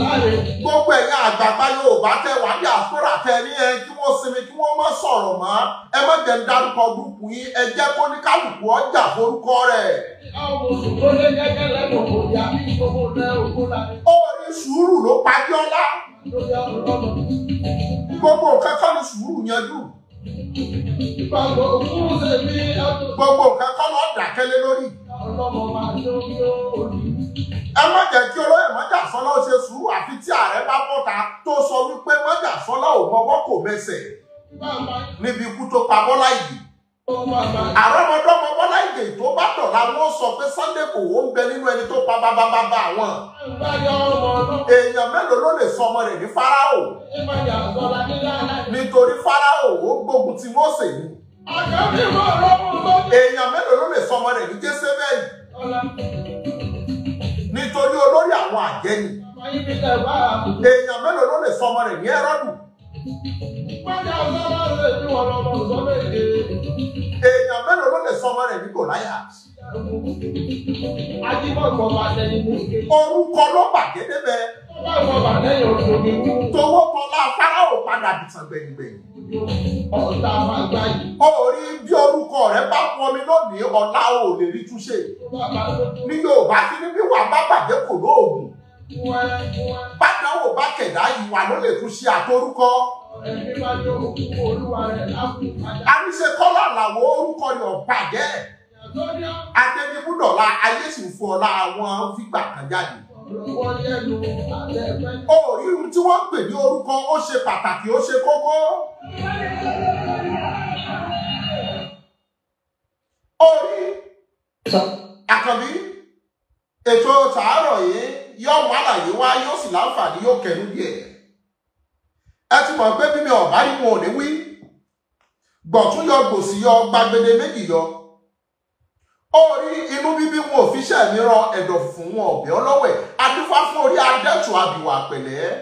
gbogbo ẹ̀yin àgbààgbà Yorùbá tẹ wà ní àkúrà tẹ ní ẹ kí wọ́n sinmi kí wọ́n má sọ̀rọ̀ mọ́ ẹ má jẹ́ ń dárúkọ gúúpù yín ẹ jẹ́ kó ní kálukú ọjà forúkọ rẹ̀. orí sùúrù ló pa Abíọ́lá gbogbo nǹkan kan ní sùúrù yanjú. gbogbo nǹkan kan lọ́ọ́ dàkẹ́lé lórí. ẹ má jẹ́ kí olóyè mọ́jà sọ́lá ṣe sùúrù àfi tí ààrẹ bá tó sọ wípé mọ́jà sọ́lá ò mọ́wọ́ kò mẹsẹ̀ níbi ikú tó pa Bọ́lá Ìgè àrọ́mọdọ́mọ Bọ́lá Ìgè tó bá dọ̀la wọ́n sọ pé Sunday kò wọ́n bẹ nínú ẹni tó pa bábábábá àwọn èèyàn mélòó ló lè sọ ọmọ rẹ̀ ní nítorí ó gbógun ti ni èèyàn mélòó ló lè sọ ọmọ rẹ̀ ní nítorí olórí àwọn àjẹni èèyàn mélòó ló lè sọmọ rẹ̀ ní ẹrọ́dù. èèyàn mélòó ló lè sọmọ rẹ̀ ní gòláyà. orúkọ ló bàjẹ́ débẹ̀. towó kọlá afárá ò padà bìtàn gbẹ̀yìngbẹ̀yìn ọ̀tá máa gbá yìí. orí bí orúkọ rẹ bá pọn mi lónìí ọ̀la ò lè rí túnṣe ní Yorùbá kí ni bí wàá bá bàjẹ́ kò lóògùn bádáwò bá kẹ̀dá ìwà ló lè tún ṣe àtorúkọ. àníṣe kọ́lá làwọn orúkọ yóò bàjẹ́ adẹ́nibúdọ̀la ayé sì ń fún ọlá àwọn fìgbà kan jáde. O rí irun tí wọ́n ń pè ní orúkọ, ó ṣe pàtàkì, ó ṣe kókó. O rí àkànbí ètò tààrọ̀ yìí yóò mú àlàyé wá yóò sì láǹfààní yóò kẹnu bí ẹ̀. Ẹ ti mọ̀ pé mímí ọ̀bá ni wọn ò ní wí. Gbọ̀tún yọ gbòsì yọ gbàgede méjì yọ orí inú bíbí wọn ò fi ṣẹ́ mi rán ẹ̀dọ̀ fún wọn ọ̀bẹ ọlọ́wẹ̀ adúfá fún orí adẹ́tù àbíwá pẹ̀lẹ́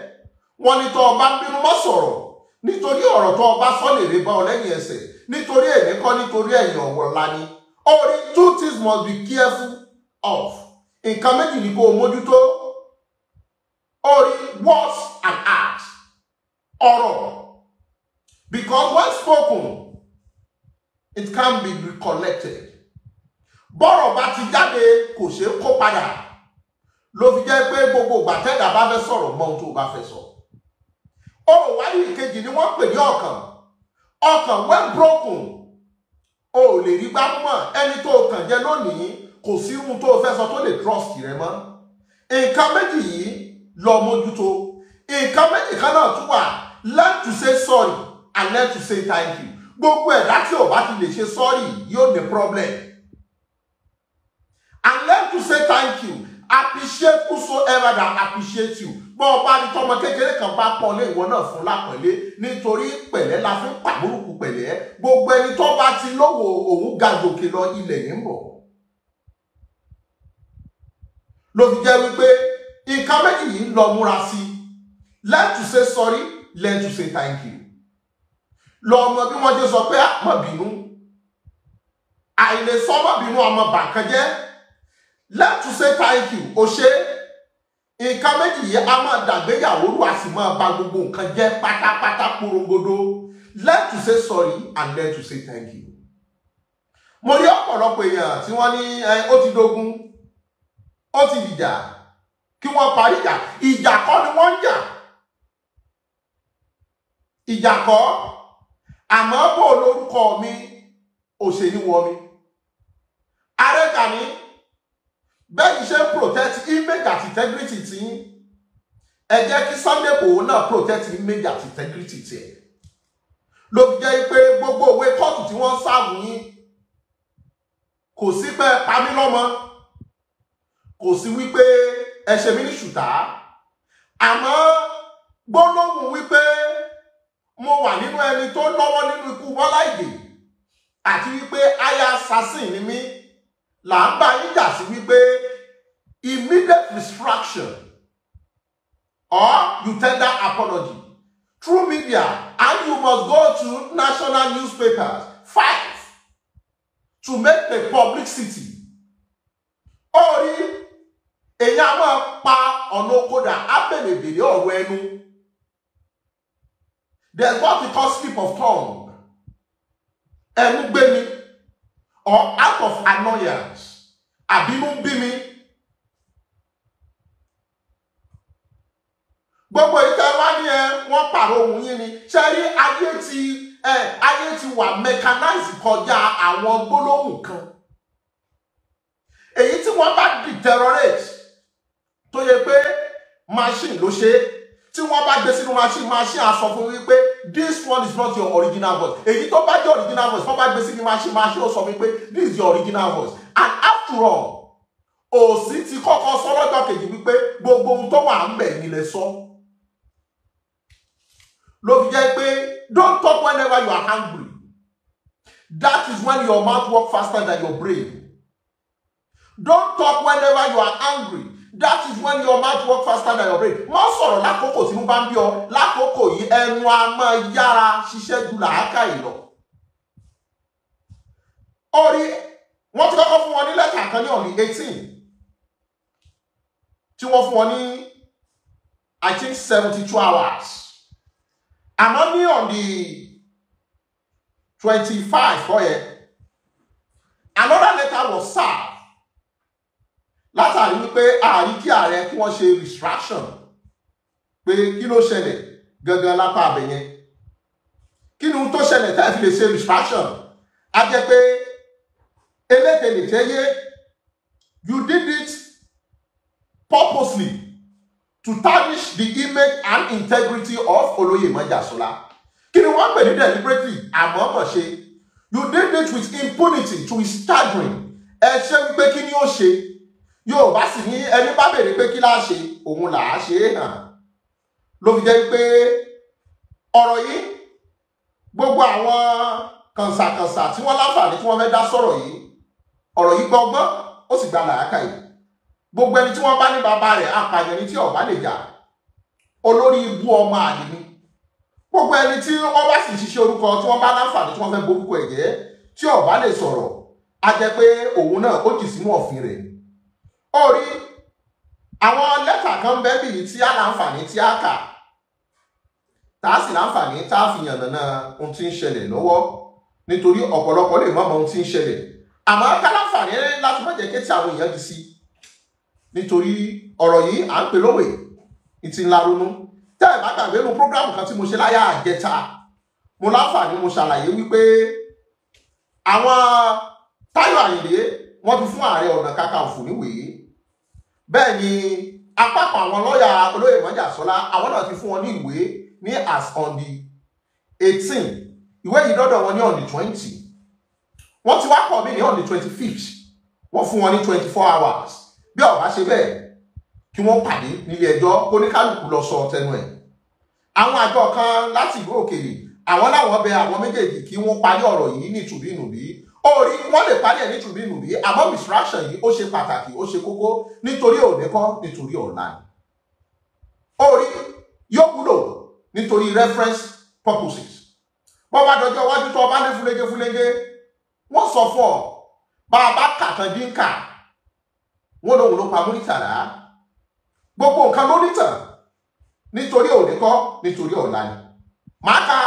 wọn ni tọ́ ọba bínú mọ́ sọ̀rọ̀ nítorí ọ̀rọ̀ tọ́ ọba sọ lè rí bá ọ lẹ́yìn ẹsẹ̀ nítorí èmi kọ́ nítorí ẹ̀yìn ọ̀wọ̀ ńlá ni orí two things must be careful of nǹkan méjì ni kò mójútó orí words and acts ọ̀rọ̀ because when spoken it can be recollected bọ́rọ̀ bá ti jáde kò ṣe é kó padà ló fi jẹ́ pé gbogbo ìgbà tẹ́dà bá fẹ́ sọ̀rọ̀ mọ ohun tó bá fẹ́ sọ. ọ̀rọ̀ wáyé ìkejì ni wọ́n pè ní ọkàn ọkàn well broken o ò lè rí gbá mọ́ ẹni tó kàn jẹ lónìí kò sí ohun tó fẹ́ sọ tó lè trust rẹ mọ́. nǹkan méjì yìí lọ mójútó nǹkan méjì kan náà tún wà learn to say sorry and learn to say thank you gbogbo ẹ̀dá tí ò bá ti lè ṣe sorry yóò ní problem and learn to say thank you appreciate whosoever that appreciate you bọ́ ọ bá ní tọmọ kékeré kan bá pọ́nlé ìwọ náà fún lápẹ̀lé nítorí pẹ̀lẹ́ la fi ń pàmùrùkù pẹ̀lẹ́ gbogbo ẹni tó bá ti lówó òun ga gòkè lọ ilẹ̀ ní bọ̀. ló fi jẹ́ wípé nǹkan méjì yìí ń lọ múra sí learn to say sorry learn to say thank you. lọ mọ bí wọ́n ṣe sọ pé àpọ̀ ah, bínú àìlèsọ́mọ́ bínú ọmọ bàkan learn to say thank you o ṣe nǹkan méjì yìí a máa dàgbéyàwó rú a sì máa ba gbogbo nǹkan jẹ́ pátápátá porongodo learn to say sorry and learn to say thank you. mo rí ọ̀pọ̀lọpọ̀ èèyàn tí wọ́n ní ó ti dogun ó ti dìjà kí wọ́n parí ìjà ìjà kọ́ ni wọ́n ń jà ìjà kọ́ àmọ́ bò lórúkọ mi òṣèlú wọ mi. arẹ́ka ni bẹ́ẹ̀ ṣe ń protect image àti integrity ti yín ẹ jẹ́ kí Sunday Igboho náà protect image àti integrity ti ẹ̀ ló fi jẹ́ pé gbogbo òwe kóòtù tí wọ́n ń sáàbù yín kò sí pé pamí lọ́mọ kò sí wípé ẹ ṣe mí ní ṣùtá àmọ́ gbólóhùn wípé mo wà nínú ẹni tó lọ́wọ́ nínú ikú Bọ́lá Ìgè àti wípé aya assassin ni mí là ń bá yín jà sí wípé immediate retraction or you tender apology through media and you must go to national newspapers fight to make the publicity ó rí èyí á máa pa ọ̀nà kódà á bèrè bèrè ọ̀rọ̀ ẹnu there is what we call slip of tongue ẹnu gbé or out of annoyance àbínú bí mi. gbogbo ìtẹ́ wá ní ẹ wọ́n pààrọ̀ ohun yín ni ṣe rí ayé ti ayé ti wà mechanize kọjá àwọn gbólóhùn kan èyí tí wọ́n bá deteriorate tó yẹ pé machine ló ṣe é tí wọ́n bá gbé sínú machine machine á sọ fún wípé this one is not your original voice èyí tó bá jẹ́ original voice wọ́n bá gbé sí ni máa ṣe máa ṣe ó sọ mi pé this is your original voice and after all òsì ti kọ́kọ́ sọ lọ́jọ́ kejì wípé gbogbo ohun tó wà ń bẹ̀ ni lè sọ ló fi jẹ́ pé don't talk whenever you are angry. that is when your mouth work faster than your brain don't talk whenever you are angry that is when your mouth work faster than your brain wọ́n sọ̀rọ̀ lákòókò tí mo bá ń bí ọ lákòókò yìí ẹnu a máa yára ṣiṣẹ́ ju làákàyè lọ. orí wọ́n ti kọ́kọ́ fún wọn ní lẹ́tà kan ní ọ̀nì eighteen tí wọ́n fún wọn ní i think seventy two hours àmọ́ ní ọ̀nì twenty five kọ́ yẹ another letter was served látàrí wípé ààrí kí ààrẹ kí wọ́n ṣe distraction pé kí ló ṣẹlẹ̀ gangan lápá abẹ yẹn kí ni ohun tó ṣẹlẹ̀ tá ẹ fi lè ṣe distraction á jẹ́ pé elékèlè tẹ́yẹ you did it purposely to tarnish the image and integrity of Olóyèmọ́jà Ṣọlá kí ni wọ́n pè ní deliberately àmọ́mọ́ ṣe you did it with impunity to his staggering ẹ ṣe ń kí ni ó ṣe. Yorùbá sì ní ẹni bá béèrè pé kí láà ṣe òun là á ṣe é hàn ló fi jẹ́ pé ọ̀rọ̀ yìí gbogbo àwọn kànsàkànsà tí wọ́n láǹfààní tí wọ́n fẹ́ dá sọ̀rọ̀ yìí ọ̀rọ̀ yìí gbọ́gbọ́n ó sì gba làákàyè gbogbo ẹni tí wọ́n bá ní bàbá rẹ̀ apààyàn ni tí ọ̀bá lè jà olórí ibú ọmọ àlè ni gbogbo ẹni tí wọ́n bá sì ṣiṣẹ́ orúkọ tí wọ́n bá láǹfààní tí wọ́n fẹ́ borúkọ ẹ̀jẹ̀ tí ọ̀bá lè sọ̀rọ̀ á jẹ́ pé òun náà ó jì sínú ọ̀fìn rẹ̀ orí àwọn lẹ́tà kan bẹ́ẹ̀ bì tí a láǹfààní tí a kà tá a sì láǹfààní tá a fi yànnàna ohun tí ń ṣẹlẹ̀ lọ́wọ́ nítorí ọ̀pọ̀lọpọ̀ lè mọ̀ ohun tí ń ṣẹlẹ̀ àmọ́ ká láǹfààní láti má jẹ́ kí tí àwọn èèyàn di sí nítorí ọ̀rọ̀ yìí à ń pè lówe ìtì ńlá ronú tẹ́ ẹ̀ bá gbàgbé nu prógrámù kan tí mo ṣe láyà àjẹta mo láǹfààní mo ṣàlàyé wípé àwọn Táyọ̀ Àyìndé wọ́n ti fún Ààrẹ Ọ̀nà Kakanfò níwèé bẹ́ẹ̀ ni apá kan àwọn lọ́ọ̀yà olóyè mọ́jà sọ́lá àwọn náà ti fún wọn ní ìwé ní as on the eighteen ìwé yìí dọ́dọ̀ wọn ní on the twenty wọ́n ti wá kọ̀ mí ní on the twenty fifth wọ́n fún wọn ní twenty four hours bí ó bá ṣe bẹ́ẹ̀ kí wọ́n pàdé nílé ẹjọ́ kóníkálùkù lọ sọ tẹnu ẹ̀ àwọn àjọ kan láti ìlú òkèèrè àwọn láwọn bẹ àwọn méjèèjì kí wọ́n parí ọ̀rọ̀ yìí nítùbínùbí orí wọ́n lè parí ẹ̀ ní tùbínùbí àmọ́ distraction yìí ó ṣe pàtàkì ó ṣe kókó nítorí òní kọ́ nítorí ọ̀la ni orí yóò wúlò nítorí reference purposes bọ́ bá dọjọ́ iwájú tó ọba ní fúlege fúlege wọ́n sọ fún ọ bá a bá kà tán dín kà wọ́n lòun ló pa múrítàlá gbogbo nǹkan ló nítàn nítorí òní kọ́ nítorí ọ̀la ni màá ka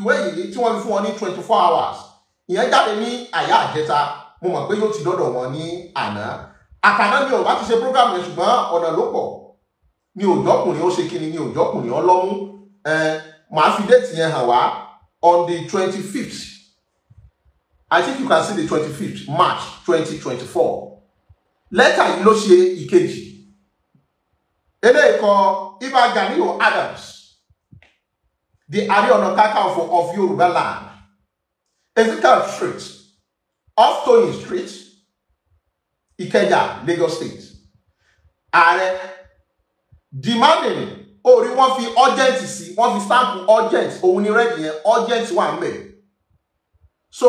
ìwé yìí tí wọ́n fi fún ọ ní twenty four hours ìyẹn jáde ní àyà àjẹta mo mọ̀ pé yóò ti dọ́dọ̀ wọn ní àná àtàná mi ò bá ti ṣe program yẹn ṣùgbọ́n ọ̀nà ló pọ̀ ni òjọ́kùnrin ó ṣe kíni ni òjọ́kùnrin ọlọ́mú ẹ màá fi déètì yẹn hàn wá on the twenty fifth I think you can see the twenty fifth March twenty twenty four lẹ́tà yìí ló ṣe ìkejì eléyìí kọ Ìbà Gani Adams the Ààrẹ Ọ̀nà Kakanfò of Yorùbá land Ezekiel Street, off Toyin Street, Ikeja, Lagos State. Ààrẹ demanding orí wọ́n fi urgent sí wọ́n fi stamp urgent òun ni rẹ́ẹ̀dì yẹn urgent wà ń bẹ̀. So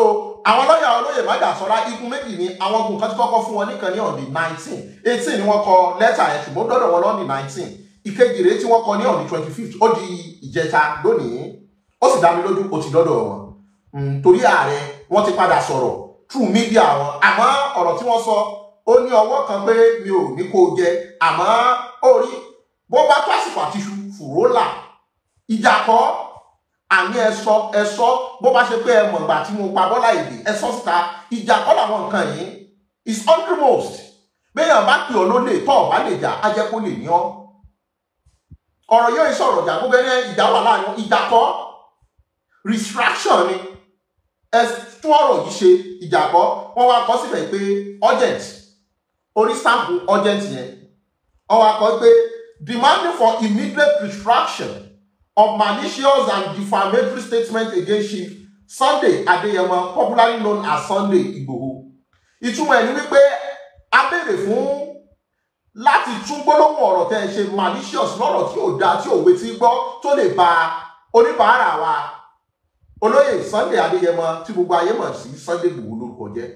àwọn lọ́yà olóyè Mádàsọ́lá igun méjì ni àwọn ogun kan ti kọ́kọ́ fún wọn nìkan ní ọ̀dì nineteen eighteen ni wọ́n kọ lẹ́tà yẹn ṣùgbọ́n dọ́dọ̀ wọn lọ́ọ̀dì nineteen ìkejì rèé tí wọ́n kọ ní ọ̀dì twenty fifth ó di ìjẹta lónìí ó sì dá mi lójú ó ti dọ́dọ̀ wọn. Mm, torí ààrẹ wọ́n ti padà sọ̀rọ̀ through media wọn àmọ́ ọ̀rọ̀ tí wọ́n sọ ó ní ọwọ́ kan pé mi ò ní kó jẹ àmọ́ ó rí bó bá tó àsìkò àti fùró là ìjà kọ́ àmì ẹ̀sọ́ ẹ̀sọ́ bó bá ṣe pé ẹ mọ̀ ìgbà tí mo pa Bọ́lá Ìgè ẹ̀sọ́ síta ìjà kọ́ làwọn nǹkan yìí is utmost béèyàn bá pè ọ́ lólè tọ́ ọ̀ bá lè jà á jẹ́ kó lè ní ọ́ ọ̀rọ̀ yóò sọ̀rọ̀ jà gbogbo ẹni ìjà wà láàrin ìjà kọ́ restriction ni ẹ tún ọ̀rọ̀ yìí ṣe ìjàpọ̀ wọ́n wá kọ síbẹ̀ pé urgent orí sáàpù urgent yẹn wọ́n wá kọ pé demanding for immediate retraction of malicious and defamatory statements against Chief Sunday Adeyemo popularly known as Sunday Igboho ìtumọ̀ ẹ̀ ni wípé a béèrè fún láti tún gbólóhùn ọ̀rọ̀ tẹ́ ẹ ṣe malicious lọ́rọ̀ tí ò dáa tí òwe ti gbọ́ tó lè ba oníbàárà wa olóyè Sunday Adéyẹmọ tí gbogbo ayé mọ̀ sí Sunday Igboho lórúkọ jẹ́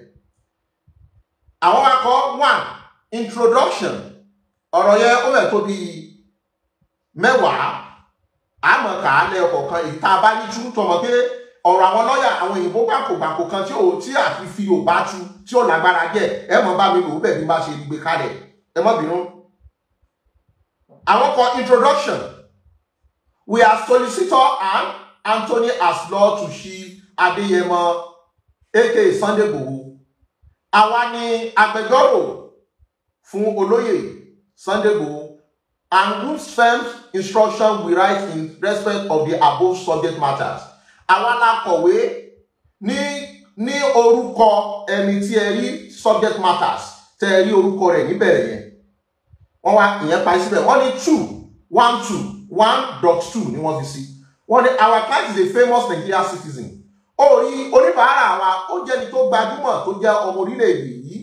àwọn akọ one introduction ọ̀rọ̀ yẹn ó mẹ́ẹ̀ tó bí mẹ́wàá àmọ́ kà á lẹ ọ̀kọ̀ọ̀kan èyí tá a bá ní tú tọmọ pé ọ̀rọ̀ àwọn lọ́ọ̀yà àwọn òyìnbó gbàǹkògbàǹkò kan tí ò tí àfi fi ò bá tu tí ò lágbára díẹ̀ ẹ mọ̀ bá mi lò ó bẹ̀ bí bá ṣe gbé kalẹ̀ ẹ mọ̀ bínú. àwọn kan introduction we are solicitor and Anthony Aslo Tushi Adeyemo, aka Sunday Igboho àwa ni agbẹjọ́rò fún olóyè Sunday Igboho and whose firm instruction we write in respect of the above subject matters àwa la kọ̀wé ní ní orúkọ ẹni tí ẹ rí subject matters tẹ ẹ rí orúkọ rẹ̀ níbẹ̀rẹ̀ yẹn wọ́n wá ìyẹn parí síbẹ̀ wọ́n ní two one two one dot two ni wọ́n fi sí wọ́n our client is a famous Nigerian citizen orí oníbàárà wa ó jẹ́ni tó gbajúmọ̀ tó jẹ́ ọmọ orílẹ̀-èdè yìí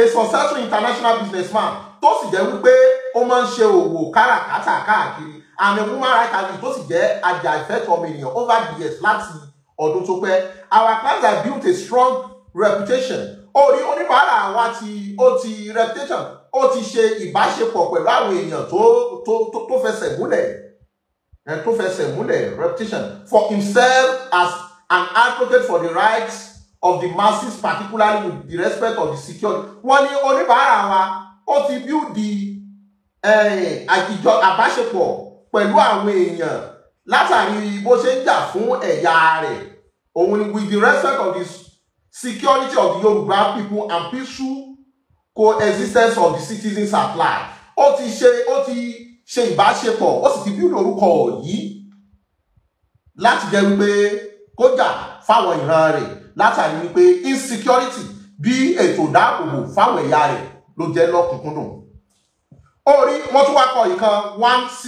a successful international businessman tó sì jẹ́ wípé ó máa ń ṣe òwò káràkátà káàkiri àmì human rights activist tó sì jẹ́ ajàfẹ́tọ̀ ọmọ ènìyàn over the years láti ọdún tó pẹ́ our clients have built a strong reputation orí oníbàárà wa ti ó ti reputation ó ti ṣe ìbáṣepọ̀ pẹ̀lú àwọn èèyàn tó tó tó fẹsẹ̀ múlẹ̀ uh, tó fẹsẹ̀ múlẹ̀ repetition for himself as an advocate for the rights of the masses particularly with the respect of the security wọ́n ní oníbàárà wa ó ti build the eh, àjìjọ àbáṣepọ̀ pẹ̀lú àwọn èèyàn látàrí bó ṣe ń jà fún ẹ̀yà rẹ̀ òun ni with the respect of the security of the Yoruba people and peaceful coexistence of the citizens at large ó ti ṣe ó ti ṣe ìbáṣepọ̀ ó sì ti bí orúkọ yìí láti jẹ́ wípé kójà fáwọn ìran rẹ̀ látàrí wípé insecurity bí ètò ìdáàbòbò fáwọn ẹ̀yà rẹ̀ ló jẹ́ lọ́kùnkúndùn. orí wọ́n tún wá kọ ìkan one c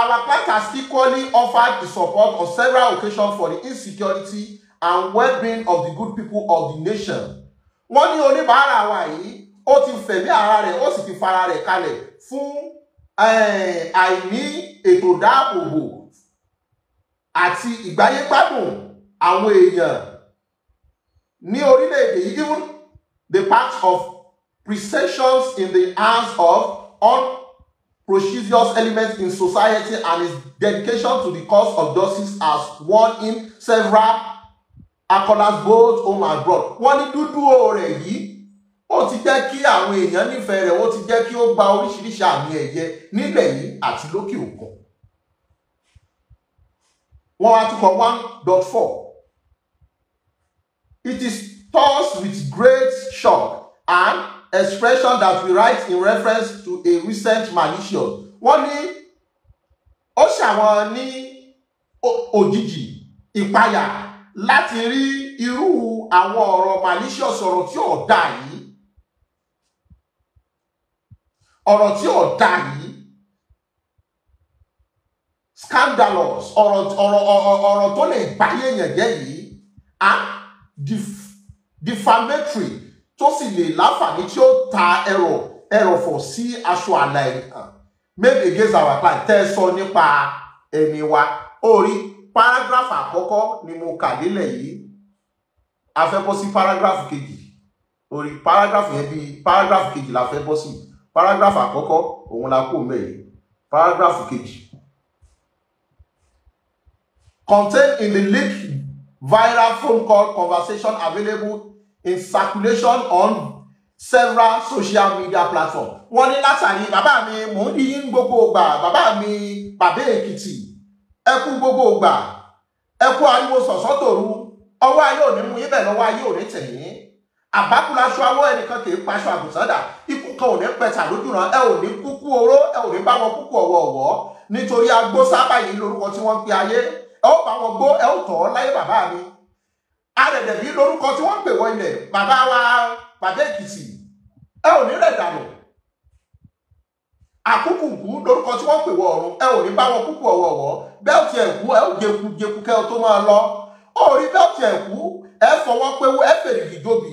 our client has equally offered the support on several occasions for the insecurity and well-being of the good people of the nation. wọ́n ní oníbàárà wa yìí ó ti fẹ̀mí ara rẹ̀ ó sì ti fara rẹ̀ kalẹ̀ fún Eh, àìní ètò dáàbòbò àti ìgbáyégbádùn àwọn èèyàn ní orílẹ̀-èdè yìí even the part of pretensions in the hands of unprocedious elements in society and his dedication to the cause of justice has won him several accolades both home and abroad. wọ́n ní dúdú rẹ̀ yìí ó ti jẹ́ kí àwọn èèyàn nífẹ̀ẹ́ rẹ̀ ó ti jẹ́ kí ó gba oríṣiríṣi àmì ẹ̀yẹ nílẹ̀ yìí àti lókè òkun wọ́n wá tún kọ one dot four it is tossed with great shock and expression that we write in reference to a recent malicious wọ́n ní ó ṣàwọn ní òjijì ìpayà láti rí irú àwọn ọ̀rọ̀ malicious ọ̀rọ̀ tí ò dáa yìí ọ̀rọ̀ tí ò da yìí scandalous ọ̀rọ̀ ọ̀rọ̀ ọ̀rọ̀ tó lè báyé yẹn jẹ́ yìí a defamatory tó sì lè láǹfààní tí ó ta ẹ̀rọ ẹ̀rọ̀fọ̀ sí aṣọ àlà ẹ̀yàn maybe against our plan tẹ́ ẹ sọ nípa ẹni wa orí paragraph àkọ́kọ́ ni mo kà lélẹ̀ yìí a fẹ́ bọ́ sí paragraph kejì orí paragraph yẹn bíi paragraph kejì la fẹ́ bọ́ sí yìí paragraph àkọ́kọ́ òun la kó mẹ́rin paragraph kejì contained in the leaked viral phone call conversation available in circulation on several social media platforms wọ́n ní látàrí bàbá mi mò ń yí gbogbo gbà bàbá mi pàdé èkìtì ẹ kú gbogbo gbà ẹ kú ariwo sọ̀sọ́ tòru ọwọ́ ayé òní mú yín bẹ̀ lọ́wọ́ ayé òní tẹ̀yìn àbákùlà aṣọ awọ́ ẹnìkan kì í paṣọ àgùntàn dà nǹkan ò ní pẹ̀tà lójúran ẹ ò ní kúkú oró ẹ ò ní bá wọn kúkú ọ̀wọ̀ ọ̀wọ́ nítorí agbó sábà yìí lórúkọ tí wọ́n pe ayé ẹ ó bá wọn gbó ẹ ó tọ̀ ọ́ láyé bàbá mi arẹ̀dẹ̀ bí lórúkọ tí wọ́n pè wọ ilẹ̀ bàbá wa bàbá èkìtì ẹ ò ní rẹ̀ dànù àkúkùkù lórúkọ tí wọ́n pè wọ ọ̀run ẹ ò ní bá wọn kúkú ọ̀wọ̀ ọ̀wọ́ bẹ́ẹ̀tì ẹ̀kú ẹ ó jẹku jẹku kẹ́ ọ tó máa lọ ó rí bẹ́ẹ̀tì ẹ̀kú ẹ fọwọ́ pé ẹ fèrè ìjọbi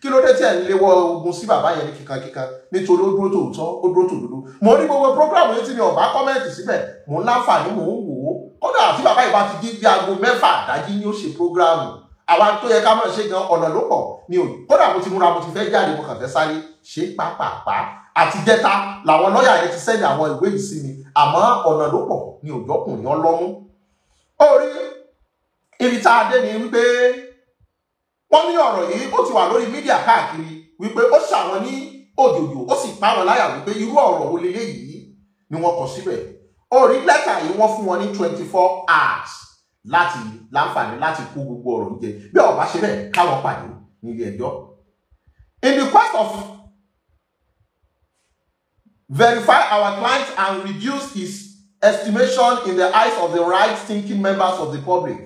kí ló dé tí ẹ̀ ń léwọ́ ogun sí bàbá yẹn ní kíkankíkan nítorí ó dúró tòótọ́ ó dúró tòdodo mo ní gbogbo program yìí tí mi ò bá kọ́mẹ́ǹtì síbẹ̀ mo ń láǹfààní mò ń wò ó kódà àti bàbá yìí bá ti di bí aago mẹ́fà àdájí ni ó ṣe program àwa tó yẹ ká máa ṣe gan ọ̀nà ló pọ̀ ni ò kódà mo ti múra mo ti fẹ́ jáde mo kàn fẹ́ sáré ṣe pápápá àti jẹta làwọn lọ́ọ̀yà yẹn ti sẹ́yìn àwọn ìwé yìí sí mi àmọ́ ọ̀nà ló pọ̀ ni òjọ́kùnrin ọlọ́mú. ó ibi tá a dé ni wípé wọ́n ní ọ̀rọ̀ yìí ó ti wà lórí mídíà káàkiri wípé ó ṣàwọn ní òjòjò ó sì pa wọn láyà wípé irú ọ̀rọ̀ wo leléyìí ni wọ́n kọ síbẹ̀ orí lẹ́tà yìí wọ́n fún wọn ní twenty four hours láti láǹfààní láti kó gbogbo ọ̀rọ̀ jẹ bí ọba ṣe bẹ́ẹ̀ káwọn pàdé nílé ẹjọ́ in the quest of verify our client and reduce his estimation in the eyes of the right thinking members of the public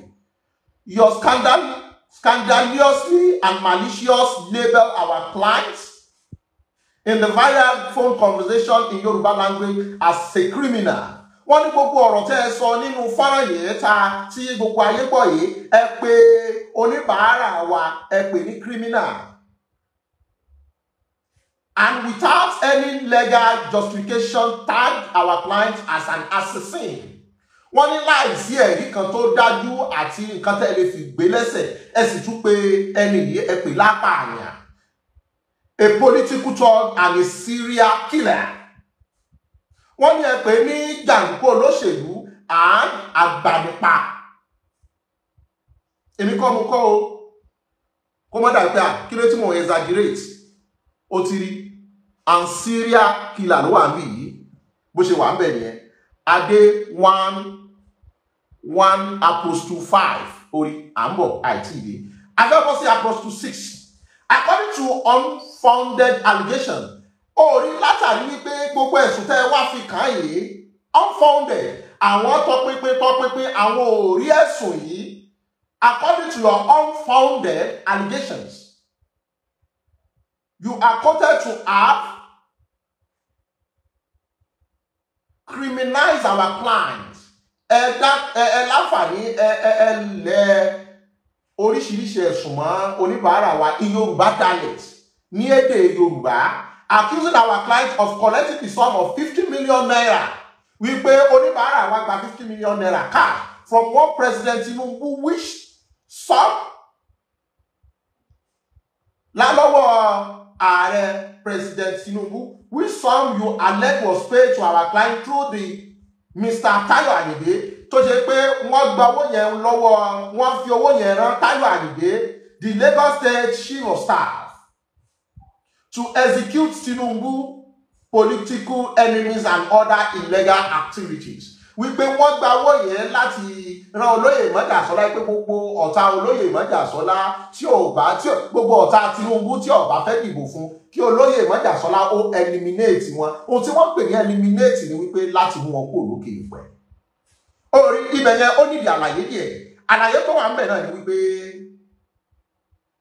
your scandal scandalously and malicious label our clients in the viral phone conversation in Yoruba language as a criminal. wọ́n ní gbogbo ọ̀rọ̀ tẹ́ ẹ sọ nínú fọ́nrán yìí ta tí gbogbo ayé pọ̀ yìí ẹ pé oníbàárà wa ẹ pè ní criminal. And without any legal justification tag our client as an assassin wọ́n ní láìsí ẹ̀rí kan tó dájú àti nǹkan tẹ́ lè fi gbé lẹ́sẹ̀ ẹ sì tún pe ẹni yìí ẹ pè lápààyàn a political talk and a serial killer wọ́n ní ẹ pè ní jàǹkó olóṣèlú and àgbànípa èmi kọ́ mo kọ́ o kó mọ́ dàbí pé à kí ló tí mò ń exaggerate ó ti rí and serial killer ló wà níbí yìí bó ṣe wà ń bẹ̀ nìyẹn adé one one apostle five orí à ń bọ̀ àìtí ìdè afẹ́kọ́ sí apostle six according to unfounded allegation orí látàrí wípé gbogbo ẹ̀sùn tẹ́ wá fi kàn yìí unfounded àwọn tọpinpin tọpinpin àwọn ò rí ẹ̀sùn yìí according to your unfounded allegations you are quoted to have criminalized our client ẹ dá ẹ ẹ láǹfààní ẹ ẹ ẹ lẹ oríṣiríṣi ẹ̀sùn mọ́ oníbàárà wa Yorùbá dialect ní èdè Yorùbá accusing our client of collecting the sum of fifty million naira wípé oníbàárà wa gba fifty million naira cash from one president Tinubu which sum lálọ́wọ́ ààrẹ president Tinubu which sum you allege was paid to our client through the Mr Tayo Ayinde tó ṣe pé wọ́n gba owó yẹn lọ́wọ́ wọ́n fi owó yẹn rán Tayo Ayinde the Lagos State chief of staff to execute Tinubu political enemies and other illegal activities wípé wọ́n gbawọ́ yẹn láti ran olóyè mọ́jàsọ́lá pé gbogbo ọ̀tá olóyè mọ́jàsọ́lá tí ò bá tí gbogbo ọ̀tá Tinubu tí ò bá fẹ́ dìbò fún kí olóyè mọ́jàsọ́lá ó eliminate wọn ohun tí wọ́n pè ní eliminate ni wípé láti mú wọn kúrò ìpẹ́ orí ibẹ̀ yẹn ó nídìí àlàyé díẹ̀ àlàyé tó wà ń bẹ̀ náà ni wípé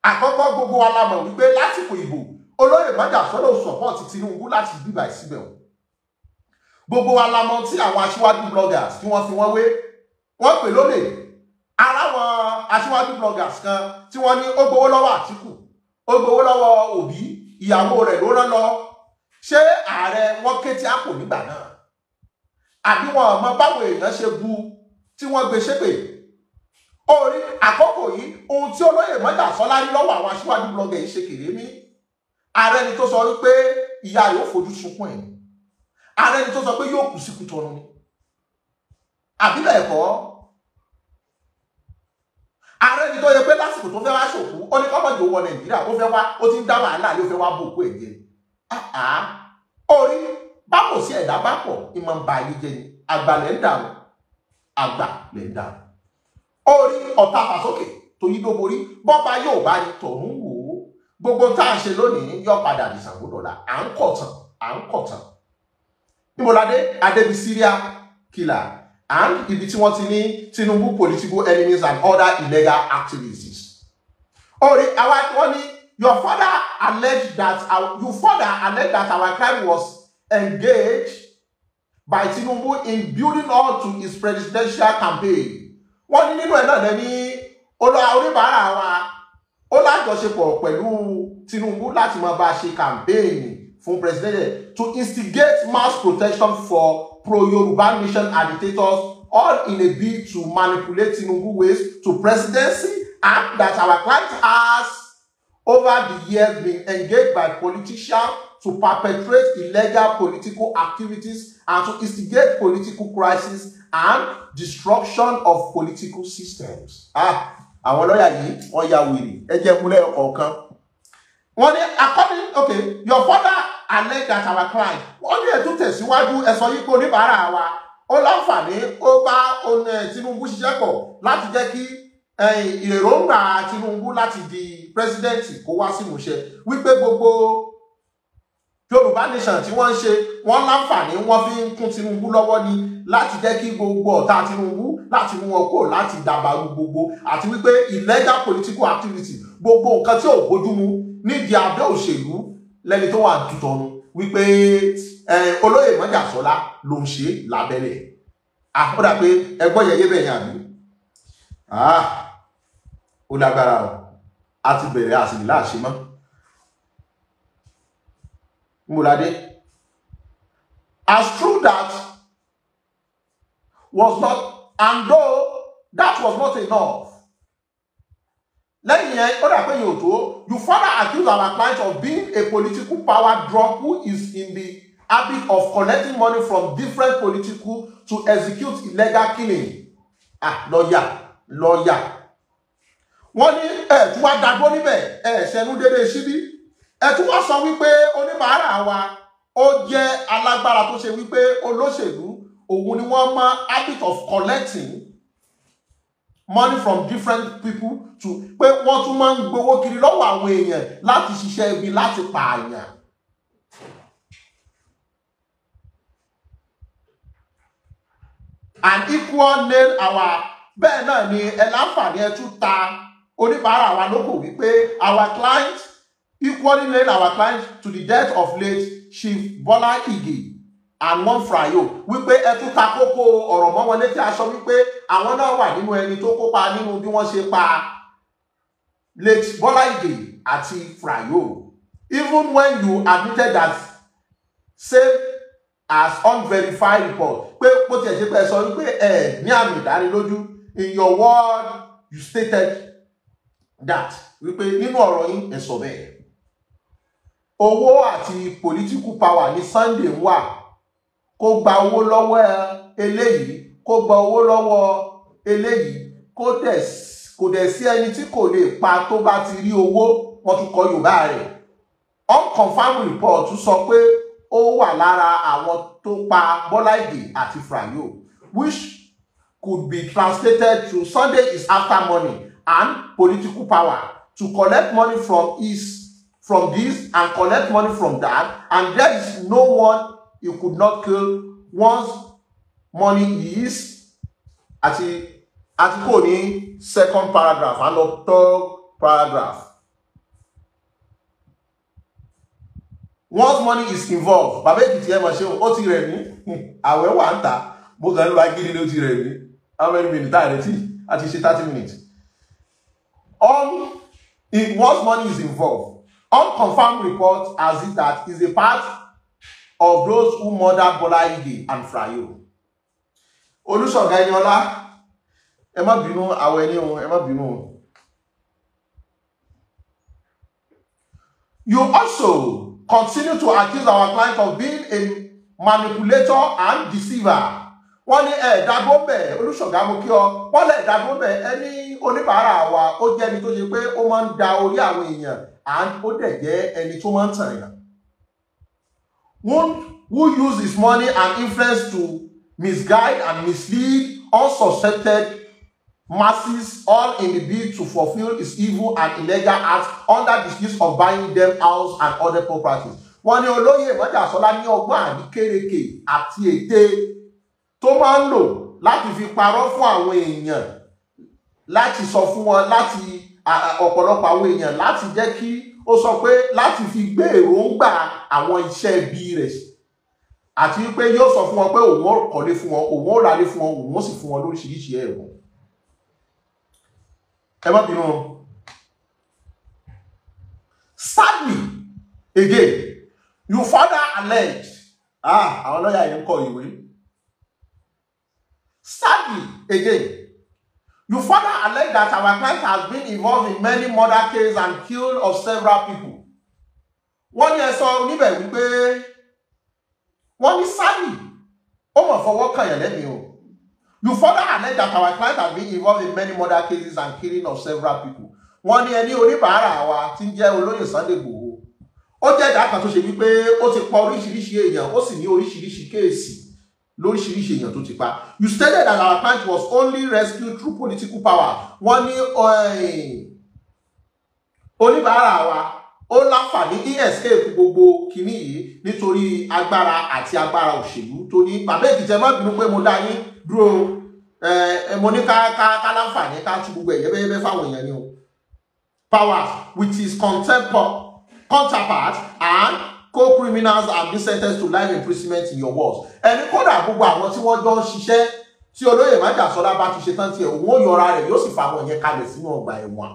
àkọ́kọ́ gbogbo wa wípé lásìkò ìbò olóyè mọ́jàsọ́lá ò support gbogbo wa la mọ̀ tí àwọn aṣíwájú bloggers tí wọ́n fi wọ́n wé wọ́n pè lólè aláwọn aṣíwájú bloggers kan tí wọ́n ní ó gbowó lọ́wọ́ Àtíkù ó gbowó lọ́wọ́ Òbí ìyàwó rẹ̀ ló rán lọ ṣé ààrẹ wọn ké tí a kò nígbà náà àbí wọn ọmọ báwọn èèyàn ṣe bu tí wọ́n gbé ṣépè orí àkókò yìí ohun tí olóyè mọ́jà sọ́lá rí lọ́wọ́ àwọn aṣíwájú bloggers ṣe kéré mi ààrẹ ni tó sọ wípé ìyá yóò fojú sunkún ẹ̀ ara ẹni tó sọ pé yóò kù síkù tọrùn ni àbí bẹ́ẹ̀ kọ́ ara ẹni tó yẹ pé lásìkò tó fẹ́ wá ṣòkú ó ní kọ́mọ̀jì wọ nàìjíríà ó fẹ́ wá ó ti ń dá wàhálà ló fẹ́ wá bò kó ẹ̀ jẹ orí bápò sí ẹ̀dá bápọ̀ ìmọ̀ ń ba ayé jẹ ni àgbà lẹ́ ń dàrú àgbà lẹ́ ń dàrú orí ọ̀tá fàsókè tó yí tó borí bọ́ba yóò bá ní tọ̀hún wò ó gbogbo tá a ṣe lónìí yọ padà ní Ṣàngó à ń kọ̀ tán à ń kọ̀ tán níboládé adébi serial killer and ibi tí wọ́n ti ní tinubu political enemies and other illegal activities. orí àwa wọ́n ní your father alleged that our your father alleged that our crime was engaged by tinubu in building up to his presidential campaign. wọ́n ní nínú ẹ̀ náà lẹ́ni olóra oníbàárà wa ó lájọṣepọ̀ pẹ̀lú tinubu láti máa bá a ṣe kàmpéènì fún president yẹn to instigate mass protection for pro-Yoruba nation agitators all in a bid to manipulate Tinubu ways to presidency and that our client has over the years been engaged by politicians to perpetrate illegal political activities and to instigate political crisis and destruction of political systems. Ah, àwọn lọ́yà yìí wọ́n ya wèrè ẹ jẹ́ múlẹ̀ ọ̀kọ̀ọ̀kan. Wọ́n ní according okay your father alẹ́ that our client wọ́n ní ẹ̀tún tẹ̀síwájú ẹ̀sọ́ yípo oníbàárà wa ó láǹfààní ó bá Tinubu ṣiṣẹ́ pọ̀ láti jẹ́ kí eh, èròǹgbà Tinubu láti di pírẹsidẹ́ǹtì kó wá sí ìmúṣẹ wípé gbogbo Yorùbá nation tí wọ́n ń ṣe wọ́n láǹfààní wọ́n fi ń kún Tinubu lọ́wọ́ ni láti jẹ́ kí gbogbo ọ̀tá Tinubu láti mú wọn kó láti dàbàrú gbogbo àti wípé illegal political activity gbogbo nǹkan tí ò bójúmu nídìí abẹ́ òṣèlú lẹ́ni tó wà dùtọ̀nù wípé olóyè mọ́jàsọ́lá ló ń ṣe lábẹ́lẹ̀ àkọ́dà pé ẹgbọ́n yẹyẹ bẹ́ẹ̀ yẹn àbí ó lágbára o a ti bẹ̀rẹ̀ àsìlè láàṣẹ mọ́ múládé as true that was not and though that was not enough lẹ́yìn yẹn ó dàgbé yìí ò tó you further accuse our client of being a political power drug who is in the habit of collecting money from different political to execute illegal killing ah lọ́ọ̀yà lọ́ọ̀yà wọ́n ní ẹ̀ tún wá dàgbó níbẹ̀ ẹ̀ ṣẹnu déédéé síbí ẹ̀ tún wá sọ wípé oníbàárà wa ó jẹ́ alágbára tó ṣe wípé olóṣèlú òun ni wọ́n mọ habit of collecting money from different people to pé wọ́n tún máa ń gbowó kiri lọ́wọ́ àwọn èèyàn láti ṣiṣẹ́ ibi láti pààyàn. and equal nail our bẹ́ẹ̀ náà ni ẹ láǹfààní ẹ tún ta oníbàárà wa lóko wípé our client equally nail our client to the death of late Chief Bola Ige àmọ́ frayo wípé ẹ tún ta kókó ọ̀rọ̀ mọ́ wọlé tí a sọ wípé àwọn náà wà nínú ẹni tó kópa nínú bí wọ́n ṣe pa late Bọ́lá Ìgè àti frayo even when you admitted that same as unverified report pé bó tiẹ̀ ṣe pé ẹ sọ wípé ẹ ní àmì ìdánilójú in your word you stated that wípé nínú ọ̀rọ̀ yín ẹ sọ bẹ́ẹ̀ owó àti political power ní Sunday wà kó gba owó lọ́wọ́ eléyìí kó gba owó lọ́wọ́ eléyìí kó dẹ̀ kò dẹ̀ sí ẹni tí kò lè pa tó bá ti rí owó wọ́n tún kọ yorùbá rẹ̀ unconfirmed report sọ pé ó wà lára àwọn tó pa Bọ́lá Ìgè àti Frayo which could be translated to Sunday is after money and political power to collect money from his from this and collect money from that and there is no one You could not kill once money is àti àti kò ní second paragraph and of third paragraph once money is involved bàbá èkìtì ẹ̀ mọ̀ ṣe ó ti rẹ̀ mí àwẹ̀ wà ń ta mo kàn ń ra gidi ló ti rẹ̀ mí how many minutes tá a retí àti ṣe thirty minutes um if once money is involved unconfirmed report as it that is a part of those who murdered Bola Ige and Frayo. Olúṣọ̀gá Ẹniọlá, ẹ má bínú àwọn ẹni ohun, ẹ má bínú You also continue to accuse our client of being a manipulator and deceiver. Wọ́n ní ẹ̀ẹ́dàgbọ́ bẹ̀ Olúṣọ̀gá mo kí ọ, wọ́n lẹ̀ ẹ̀ẹ́dàgbọ́ bẹ̀ ẹni oníbàárà wa ó jẹ́ ẹni tó ṣe pé ó máa ń da orí àwọn èèyàn and ó dẹ̀ jẹ́ ẹni tó máa ń tàn yàn who, who use his money and influence to misguide and mislead unsuspected masses, all in the bid to fulfill his evil and illegal acts under the excuse of buying them house and other properties. Wọ́n ní olóyè Mọ́jàsọ́lá ní ọgbọ́n àdíkèrèkè àti ète tó máa ń lò láti fi parọ́ fún àwọn èèyàn láti sọ fún wọn láti ọ̀pọ̀lọpọ̀ àwọn èèyàn láti jẹ́ kí ó sọ pé láti fi gbé èròǹgbà àwọn iṣẹ́ ibi rẹ̀ àti pé yóò sọ fún wọn pé òun ó kọ́lé fún wọn òun ó ralé fún wọn òun ó sì fún wọn lóríṣiríṣi ẹ̀bùn ẹ má bínú sadly again you further allege ah àwọn lọ́ọ̀yà yẹn ń kọ ìwé sadly again You further allege that our client has been involved in many murder cases and killed of several people. Wọ́n ní ẹ sọ níbẹ̀ wípé wọ́n ní Sally ó mọ̀ fọwọ́ kàn yẹn lẹ́mìí o. You further allege that our client has been involved in many murder cases and killing of several people. Wọ́n ní ẹni oníbàárà wa tí ń jẹ́ olóyè Sunday Igboho. Ó jẹ́ ìdá kan tó ṣe wípé ó ti pa oríṣiríṣi èèyàn ó sì ní oríṣiríṣi kéèsì lóríṣiríṣi èèyàn tó ti pa you stated that our country was only rescued through political power wọ́n ní oníbàárà wa ó láǹfààní ní escape gbogbo kìíní yìí nítorí agbára àti agbára òṣèlú tó ní bàbá èkìtì ẹ má bínú pé mo dá yín dúró mo ní ká ká ká láǹfààní ká tú gbogbo ẹ̀yẹ́ bẹ́ẹ̀ bẹ́ẹ̀ fáwọn èèyàn ni o power with his counterpart and co-criminals have been sentenced to life imprisonment in your walls ẹni kódà gbogbo àwọn tí wọ́n jọ ń ṣiṣẹ́ tí olóyè májàsọ́lá bá ti ṣe tán tiẹ̀ òun ó yọra rẹ̀ yóò sì fa àwọn yẹn kalẹ̀ sínú ọgbà ẹ̀wọ̀n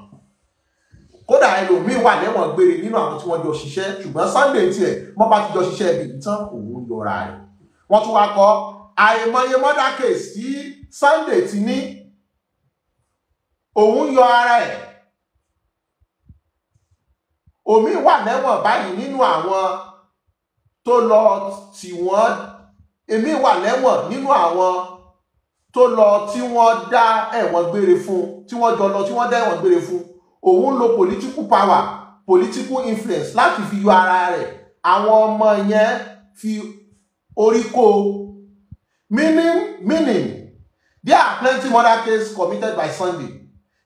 kódà ẹlòmíín wà lẹ́wọ̀n gbére nínú àwọn tí wọ́n jọ ṣiṣẹ́ ṣùgbọ́n sunday tiẹ̀ wọ́n bá ti jọ ṣiṣẹ́ ibi tán òun yọra rẹ̀ wọ́n tún wá kọ́ àìmọye murder case tí sunday ti ní òun yọ ara ẹ̀ omi wà lẹ́wọ̀n báyìí nínú àwọn tó lọ tì wọ́n èmi wà lẹ́wọ̀n nínú àwọn tó lọ tí wọ́n dá ẹ̀wọ̀n gbére fún tí wọ́n jọ lọ tí wọ́n dá ẹ̀wọ̀n gbére fún òun lo political power political influence láti fi yọ ara rẹ̀ àwọn ọmọ yẹn fi orí kó meaning meaning there are plenty murder cases committed by Sunday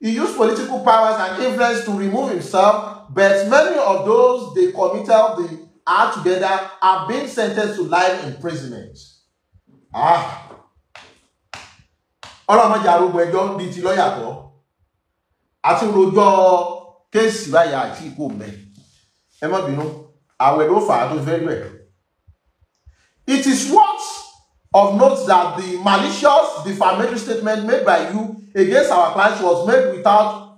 he used political powers and influence to remove himself But many of those they committed the act together are being sentenced to life imprisonment. Ah. Ọlọ́mọdé arúgbó ẹjọ́ bíi ti lọ́ọ̀yà kọ́. Àti rojọ́ kéèsì báyà àti ikú mẹ́. Ẹ má bínú, àwẹ̀ ló fà á tó fẹ́ rẹ̀. It is worth of note that the malicious defamatory statement made by you against our client was made without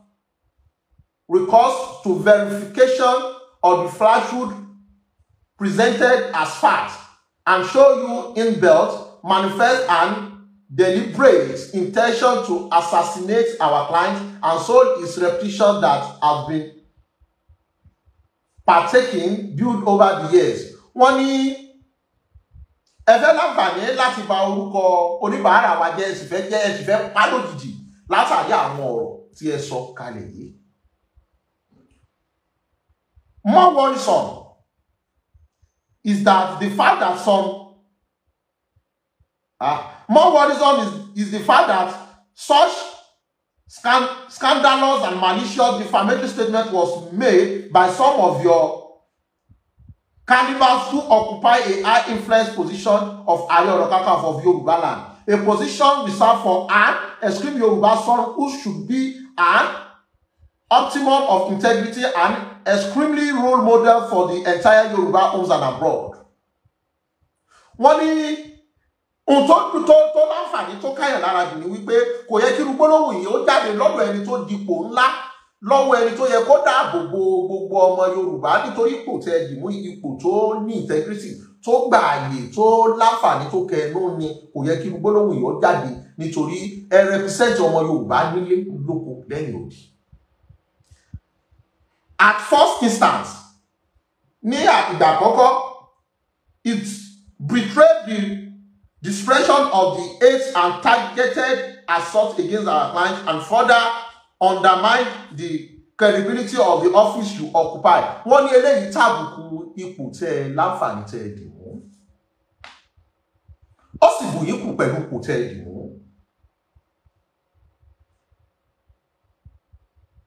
recourse to verification of the falsehood presented as fact and show you inbuilt, manifest, and deliberate intention to assassinate our client and sold his reputation that has been partaking built over the years. Wọ́n ní ẹ fẹ́ láǹfààní láti bà orúkọ oníbàárà wa jẹ́ ẹ sì fẹ́ jẹ́ ẹ sì fẹ́ pa lójijì látàrí àwọn ọ̀rọ̀ tí ẹ sọ kalẹ̀ yìí. More worrisome is that the fact that some uh, more worrisome is, is the fact that such scan, scandalous and malicious defamatory statement was made by some of your cannibals who occupy a high influence position of Aare Ona of Yoruba land a position reserved for an extreme Yoruba son who should be an optimum of integrity and extremely role model for the entire Yoruba homes and abroad wọ́n ní ohun tó tó láǹfààní tó káyọ̀ lára jù ni wípé kò yẹ kí irú gbólóhùn yìí ó jáde lọ́dọ̀ ẹni tó dipò ńlá lọ́wọ́ ẹni tó yẹ kó dáàbò bo gbogbo ọmọ Yorùbá nítorí ipò tẹ dìmú ipò tó ní integrity tó gbààyè tó láǹfààní tó kẹnu ni kò yẹ kí irú gbólóhùn yìí ó jáde nítorí ẹ represent ọmọ Yorùbá nílé lóko lẹ́yìn òdì at first instance ní ìgbà àkọ́kọ́ it betrayed the discretion of the aides and targeted assault against our clients and further undermined the credibility of the office you occupy wọ́n ní eléyìí tàbùkù ipò tẹ́ ẹ láǹfààní tẹ́ ẹ dì mú ó sì bù yín kù pẹ̀lú ipò tẹ́ ẹ dì mú.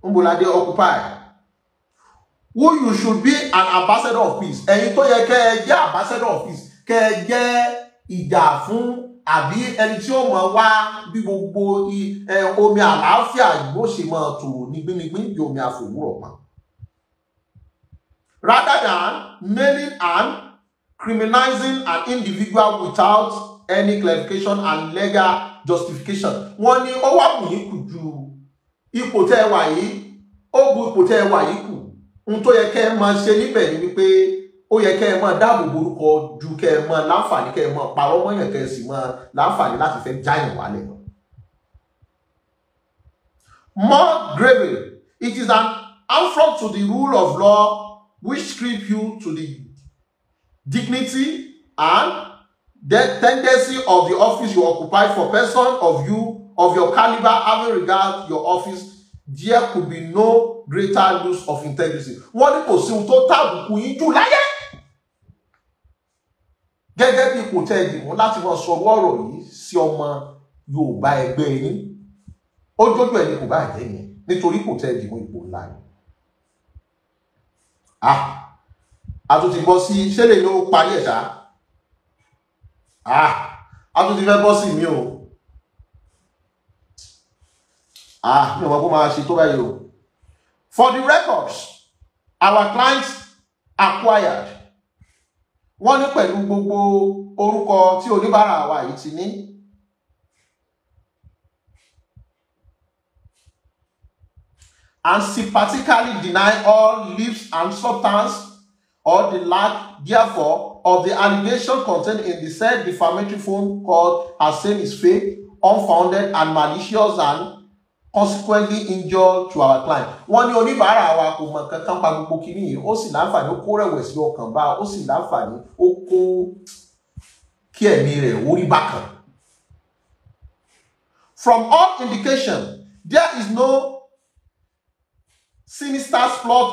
ń bo occupy who you should be an ambassador of peace ẹ̀yin tó yẹ kẹ́ ẹ jẹ́ ambassador of peace kẹ ẹ jẹ́ ìjà fún àbí ẹni tí ó mọ̀ wá bí gbogbo omi àlàáfíà yóò ṣe máa tò nígbínigbín bí omi àfòwúrọ̀ pa. rather than naming and criminalizing an individual without any clarification and legal justification wọ́n ní ó wà kù yín kù ju ipò tẹ́ ẹ wà yìí ó bu ipò tẹ́ ẹ wà yìí ohun tó yẹ kẹ́ ẹ máa ṣe níbẹ̀ ni wípé ó yẹ kẹ́ ẹ máa dáàbò borúkọ ju kẹ́ ẹ máa láǹfààní kẹ́ ẹ máa parọ́ mọ́yàn kẹ́ ẹ sì máa láǹfààní láti fẹ́ jáyàn wálẹ̀ More gravely, it is an affront to the rule of law which strip you to the dignity and the tendency of the office you occupy for person of you of your caliber having regard your office there could be no greater loss of integrity wọ́n ní kò sí ohun tó tàbùkù yín jù láyé gẹ́gẹ́ bí ipò tẹ́ ìdìbò láti máa sọ ọ̀rọ̀ yìí sí ọmọ Yorùbá ẹgbẹ́ yín ojoojú ẹ̀ ní kò bá jẹ́ yẹn nítorí ipò tẹ́ ìdìbò ipò ńlá ni. àtúntì bọ́ sí ṣẹlẹ̀ ló parí ẹ̀ ṣá àtúntì fẹ́ bọ́ sí mi o ah mi ò kó máa ṣe tó báyìí o for the records our clients acquired wọ́n ní pẹ̀lú gbogbo orúkọ tí oníbàárà wa yìí ti ní and sympathetically deny all leaves and substance or the lack therefore of the allegation contained in the said defamatory phone call as same is fake unfounded and malicious and consequently injure to our client wọ́n ní oníbàárà wa kò mọ̀ kankan pa gbogbo kìíní yìí ó sì láǹfààní ó kó rẹ̀wẹ̀sì ọkàn bá ó sì láǹfààní ó kó kí ẹ̀mí rẹ̀ ó bákan. from all indication there is no sinister plot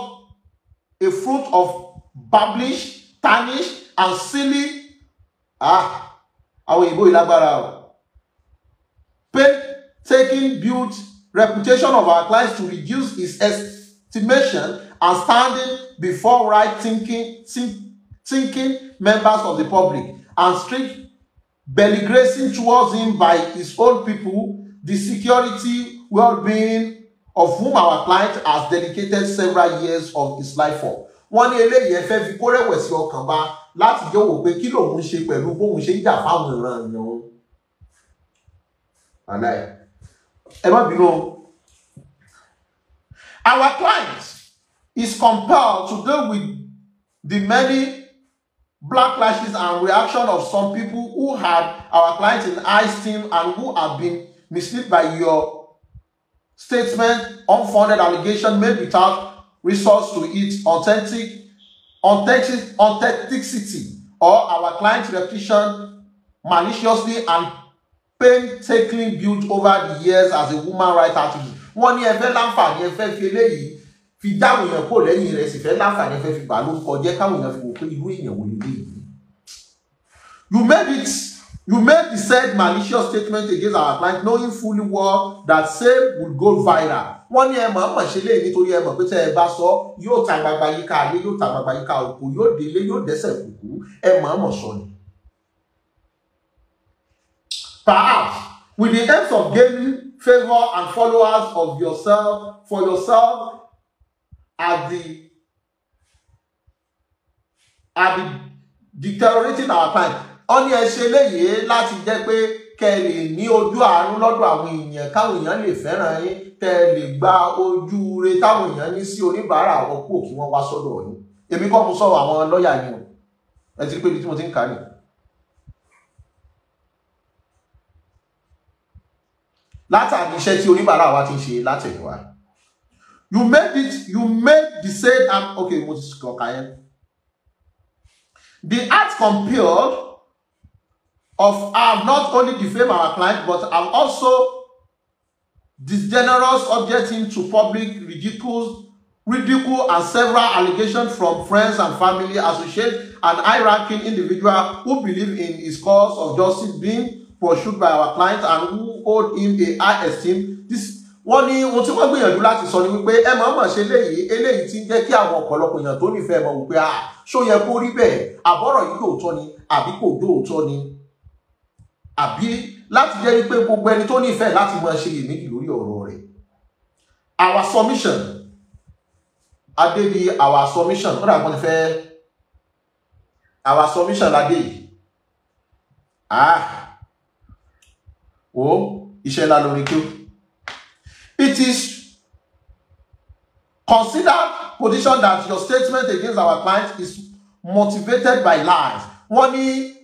a fruit of babblish tarnish and silly ah àwọn òyìnbó yìí lágbára Pain taking built reputation of our clients to reduce his estimation and standing before right thinking, thinking members of the public and strict belligerence towards him by his own people, the security, well-being of whom our client has dedicated several years of his life for. wọ́n ní eléyìí ẹ fẹ́ fi kó rẹ̀wẹ̀sì ọkàn bá láti jẹ́ òwò pé kí lòun ṣe pẹ̀lú bóun ṣe ń jà fáwọn ìran ìyàn òun ẹ má bínú Our client is compelled to deal with the many backlashes and reaction of some people who have our client in high esteem and who have been misled by your statement, unfounded allegation made without resource to its authentic, authentic authenticity or our client's repetition maliciously and painstakingly built over the years as a woman rights activist wọ́n ní ẹ fẹ́ láǹfààní ẹ fẹ́ fi eléyìí fi dáhùn èèyàn kò lẹ́yìn rẹ̀ sì fẹ́ láǹfààní ẹ fẹ́ fi gbà lórúkọ jẹ́ káwọn èèyàn fi wò pé irú èèyàn wò lélẹ̀ yìí. you made it you made the said malicious statement against our client knowing fully well that same would go viral. wọ́n ní ẹ mọ̀ ọ́n mọ̀ ṣe léyìn nítorí ẹ mọ̀ pé tẹ́ ẹ bá sọ yóò ta gbagba yíká ayé yóò ta gbagba yíká òkú yóò délé yóò dẹ́sẹ̀ kùkú ẹ mọ̀ sọ ni. Perhaps with the aims of gaining favor and followers of yourself for yourself are the are the deteriorating our time. Ó ní ẹ ṣe léyìí láti jẹ́ pé kẹ́ ẹ lè ní ojú àánú lọ́dọ̀ àwọn èèyàn káwọn èèyàn lè fẹ́ràn yín kẹ́ ẹ lè gba ojú re táwọn èèyàn ní sí oníbàárà àwọn kúò kí wọ́n wá sọ́dọ̀ yín. Èmi kọ́ mo sọ̀rọ̀ àwọn lọ́ọ̀yà yìí o. Ẹ ti rí pé ibi tí mo ti ń kà nìyí. látàrí iṣẹ́ tí oníbàárà wa ti ń ṣe látẹ̀yìnwá you made it you made the same am okay mo ti kọ ka yẹn the act compared of have not only defamed our client but have also disgenerous objecting to public ridicule ridicule and several allegations from friends and family associates and high-ranking individuals who believe in his cause of justice being pursued by our clients and who hold him a high esteem. This wọ́n ní ohun tí wọ́n gbìyànjú láti sọ ni wípé ẹ máa mọ̀ ṣe eléyìí eléyìí ti ń jẹ́ kí àwọn ọ̀pọ̀lọpọ̀ èèyàn tó nífẹ̀ẹ́ mọ̀ wípé à ah, ṣó yẹ kó rí bẹ́ẹ̀ àbọ̀rọ̀ yìí lóòótọ́ ni àbí kò lóòótọ́ ni àbí láti jẹ́ wípé gbogbo ẹni tó nífẹ̀ẹ́ láti máa ṣe iyèméjì lórí ọ̀rọ̀ rẹ̀. our submission adébi our submission ó dàgbọ́n ti fẹ́ our submission ládé yìí ah wo iṣẹ́ ńlá lórí kí o it is considered position that your statement against our client is motivated by lies wọ́n ní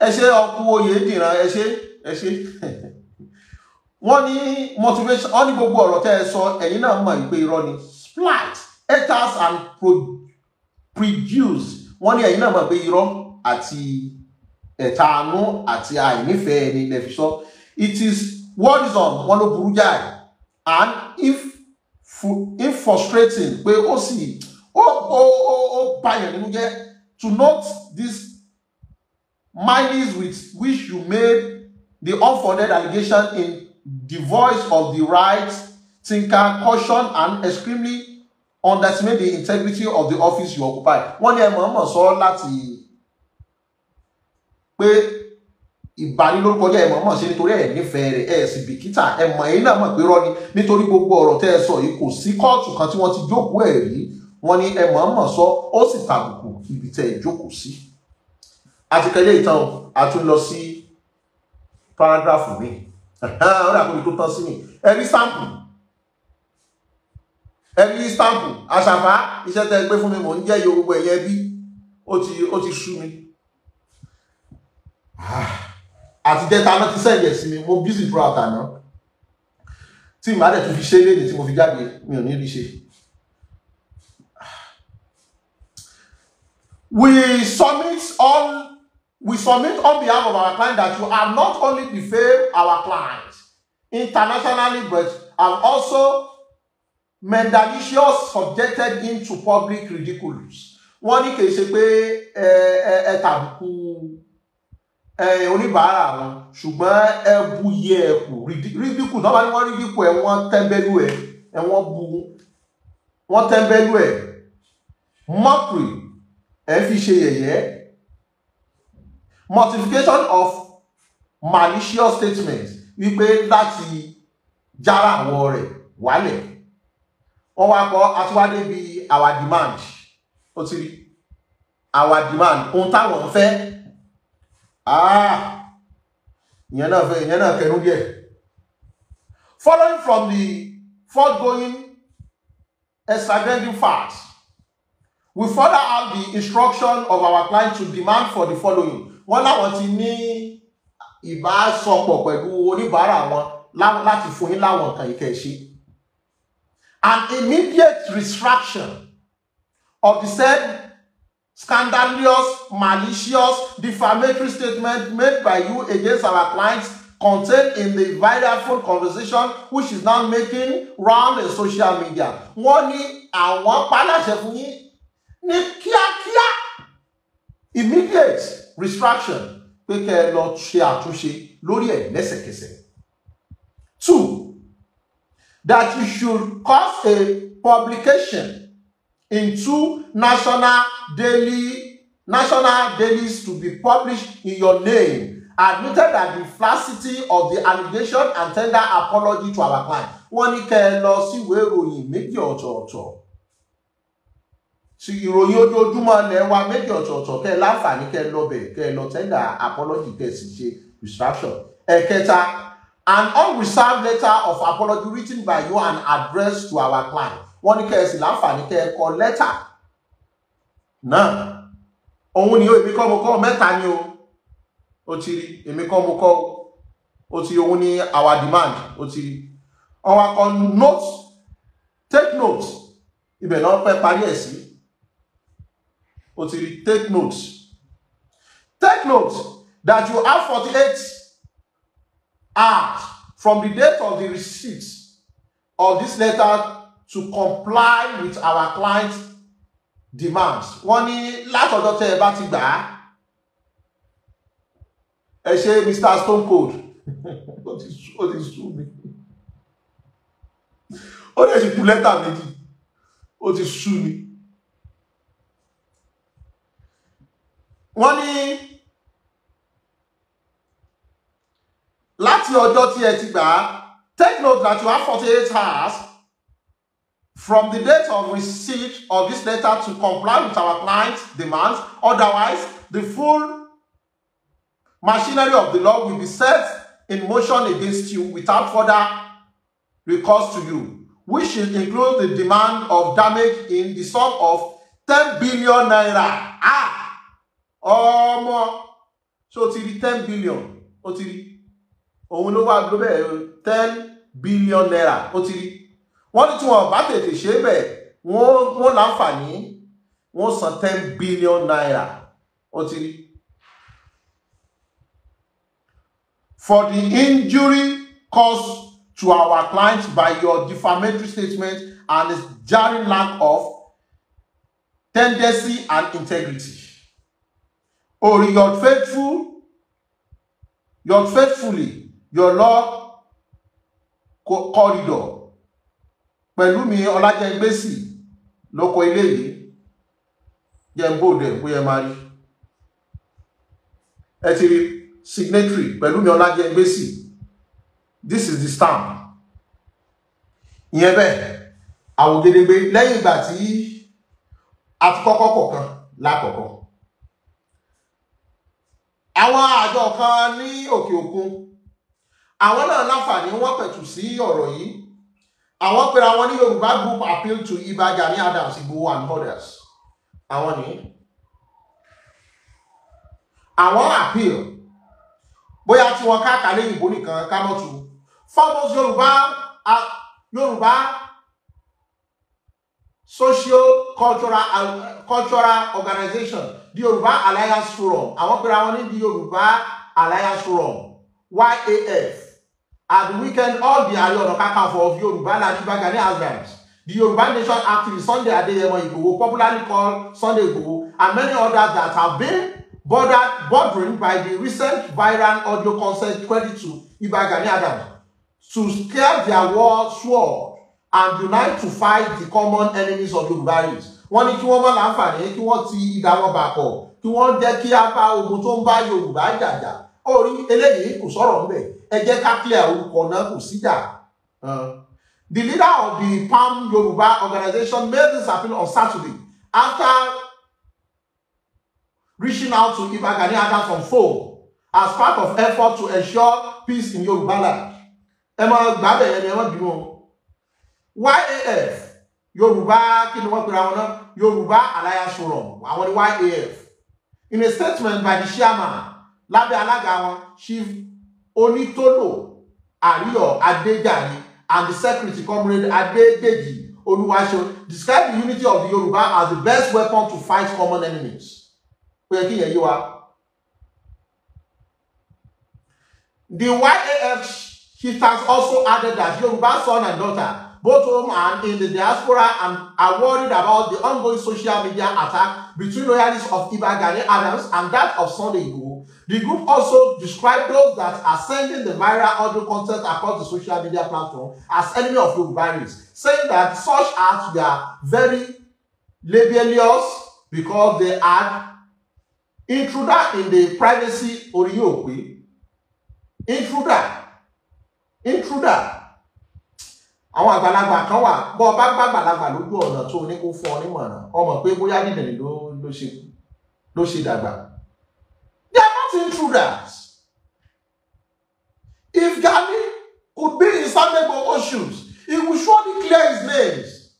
ẹ ṣe ọkú oyè dìran ẹ ṣe ẹ ṣe wọ́n ní motivation wọ́n ní gbogbo ọ̀rọ̀ tẹ́ ẹ sọ ẹ̀yin náà mọ̀ pé irọ́ ni splice haters and produce. wọ́n ní ẹ̀yin náà mọ̀ pé irọ́ àti ẹ̀tanú àti ni ẹni lẹ́fi sọ. So It is on wọ́n ló burú jáì and if if frustrating pé ó sì ó ó ó ó báyọ̀ nínú jẹ́ to note this minis with which you made the unfounded allegation in the voice of the right thinker caution and extremely underestimate the integrity of the office you occupy wọ́n ní ẹ mọ̀ọ́mọ̀ sọ láti pé ìbáyé lórúkọ jẹ́ ẹ̀mọ́ mọ̀ ṣe nítorí ẹ̀ nífẹ̀ẹ́ rẹ̀ ẹ̀ sì bìkítà ẹ̀mọ́ ẹ̀yìn náà mọ̀ pé rọ́ni nítorí gbogbo ọ̀rọ̀ tẹ́ ẹ sọ yìí kò sí kóòtù kan tí wọ́n ti jókòó ẹ̀ rí wọ́n ní ẹ̀mọ́ mọ̀ sọ ó sì tàbùkù ibi tẹ́ ẹ jókòó sí. àtikẹ́lẹ́ ìtàn a tún lọ sí párágráfù mi ó dà kóbi tó tán sí mi ẹ̀rí sáǹpù ẹ̀rí sáǹpù àṣàfà iṣẹ́ tẹ́ gbé fún mi mò ń jẹ́ yorùbá ẹ̀yẹ bí ó ti ṣú mi. Ah àtijẹta náà ti sẹ́yìn sí mo bísí dúró àtàná tí màá dẹ̀ tún fi ṣe léde tí mo fi jáde mi ò ní rí ṣe. We submit on we submit on behalf of our client that you have not only defame our client internationally but have also mendalicious subjected him to public ridiculous. Wọ́n ní kì í ṣe pé ẹ ẹ tàbùkù oníbàárà wọn ṣùgbọ́n ẹ bu yẹ ẹ kù rídíkù náà bá ní wọ́n rídíkù ẹ wọ́n tẹ́ńbẹ́lú ẹ ẹ wọ́n bu wọ́n tẹ́ńbẹ́lú ẹ mockery ẹ fi ṣe yẹ̀yẹ́ mortification of malicious statements wípé láti jára àwọn rẹ̀ wálẹ̀ wọ́n wá kọ́ aṣíwádé bíi our demand ó ti rí our demand ohun táwọn ń fẹ́ Ah! ìyẹn náà fẹ́ ìyẹn náà following from the foregoing extravagant facts we further out the instruction of our client to demand for the following wọ́n láwọn ti ní ìbásọpọ̀ pẹ̀lú oníbàárà wọn láti fún yín láwọn nǹkan ìkẹ̀ṣe an immediate restriction of the said scandalous, malicious, defamatory statement made by you against our clients contained in the viral phone conversation which is now making round in social media. Wọ́n ní àwọn paláṣẹ fún yín ní kíákíá immediate restriction pé kẹ́ ẹ lọ ṣe àtúnṣe lórí ẹ̀ lẹ́sẹ̀kẹsẹ̀. Two, that you should cause a publication in two national daily national dailies to be published in your name admitted that the falsity of the allegation and tender apology to our client wọ́n ní kẹ́ ẹ lọ síwèé ìròyìn méjì ọ̀tọ̀ọ̀tọ̀ sí ìròyìn ojoojúmọ́ ilẹ̀ wa méjì ọ̀tọ̀ọ̀tọ̀ kẹ́ ẹ láǹfààní kẹ́ ẹ lọ bẹ̀ kẹ́ ẹ lọ tender apology kẹ́ ẹ sì ṣe retraction ẹ̀kẹta an unreserved letter of apology written by you and addressed to our client wọ́n ní kẹ́ẹ̀sì láǹfààní kẹ́ẹ̀kọ́ lẹ́tà náà òun ni ó èmi kọ́ mo kọ́ mẹ́ta ni o ó ti rí èmi kọ́ mo kọ́ ó ti òun ni our demand ó ti rí ọwọ́ akọ note take note ibẹ̀ náà fẹ́ parí ẹ̀ sí ó ti rí take note take note that you have forty eight hours from the date of the receipt of this letter to comply with our clients demands wọ́n ní látọ̀dọ̀ tẹ́ ẹ bá ti gbà á ẹ ṣe Mr Stone Cold ó ti ó ti sú mi ó lè ti kú lẹ́tà méjì ó ti sú mi wọ́n ní láti ọjọ́ tí ẹ ti gbà á take note that you have forty eight hours from the date of receipt of this letter to comply with our client's demands. Otherwise, the full machinery of the law will be set in motion against you without further recourse to you, which should include the demand of damage in the sum of 10 billion naira. Ah! Ọmọ So ti rí ten billion ó ti rí òun ló wá gbé ten billion naira ó ti wọ́n ní tí wọ́n bá tètè ṣe é bẹ̀ wọ́n láǹfààní wọ́n san ten billion naira ó ti rí. for the injury caused to our client by your defamatory statement and its jarring lack of tendency and integrity. Ori, your faithful, your faithfully, your Lord corridor Pẹ̀lúmi Ọlájẹgbésì ló kọ ilé yìí jẹ́ bóòdù ẹ̀ bóyá máa rí ẹ ti rí signatory Pẹ̀lúmi Ọlájẹgbésì this is the stamp ìyẹn bẹ́ẹ̀ àwògedegbe lẹ́yìn ìgbà tí a ti kọ́kọ́ kọ̀ọ̀kan lákọ̀ọ́kọ́ àwọn àjọ kan ní òkè òkun àwọn náà láǹfààní wọ́n pẹ̀tù sí ọ̀rọ̀ yìí àwọn pèrè àwọn ní yorùbá group appeal to Iba Gani Adams Igboho and others àwọn ní àwọn appeal bóyá tí wọn káàkà lẹ́yìn ìbò nìkan kámọtù foremost yorùbá yorùbá social cultural uh, cultural organization the yorùbá alliance forum àwọn pèrè àwọn ní the yorùbá alliance forum YAF At the weekend, all the Ààrẹ Ọ̀nà Kakanfò of Yorùbá Land Bagani husbands, the Yoruba Nation activist Sunday Adeyemo Igboho, popularly called Sunday Igboho, and many others that have been bordered, bordered by the recent viral audio concert credit to Iba Gani Adams to scare their war sword and unite to fight the common enemies of Yorùbá race. Wọ́n ní kí wọ́n mọ̀ láǹfààní kí wọ́n ti ìdáwọ́ bàkọ̀ kí wọ́n jẹ́ kí á bá ogun tó ń bá Yorùbá jàjà orí eléyìí kò sọ̀rọ̀ ńbẹ̀ ẹ ká clear orúkọ náà kò síjà. The leader of the Palm Yoruba organization made this appeal on Saturday after reaching out to Iba Gani Adams on phone as part of effort to ensure peace in Yoruba land. ẹ mọ gbàbẹ ẹni ẹ mọ bínú YAF Yoruba, kí ni wọ́n pera wọn náà Yorùbá Alliance àwọn YAF in a statement by the chairman lábẹ́ alága wọn chief onítólò àríyọ̀ adéjàre and the secretary comrade adédèjì olúwaṣeun describe the unity of the yorùbá as the best weapon to fight common enemies ó yẹ kí yẹn yé wa. the yaf has also added that yorùbá son and daughter both home and in the diaspora and are worried about the ongoing social media attack between loyalists of Iba Gani Adams and that of Sunday Igbo. The group also described those that are sending the viral audio content across the social media platform as enemy of the virus, saying that such acts are very libellous because they had intruder in the privacy of Oriope. Intruder. Intruder. àwọn àgbàlagbà kan wà bọ́ ọba gbàgbàlagbà lójú ọ̀nà tó ní kó fún ọ nímọ̀ràn ọmọ pé bóyá nídìrí ló ṣe dàgbà intruders. If Ghani could be in Sandego's shoes, he would surely clear his names.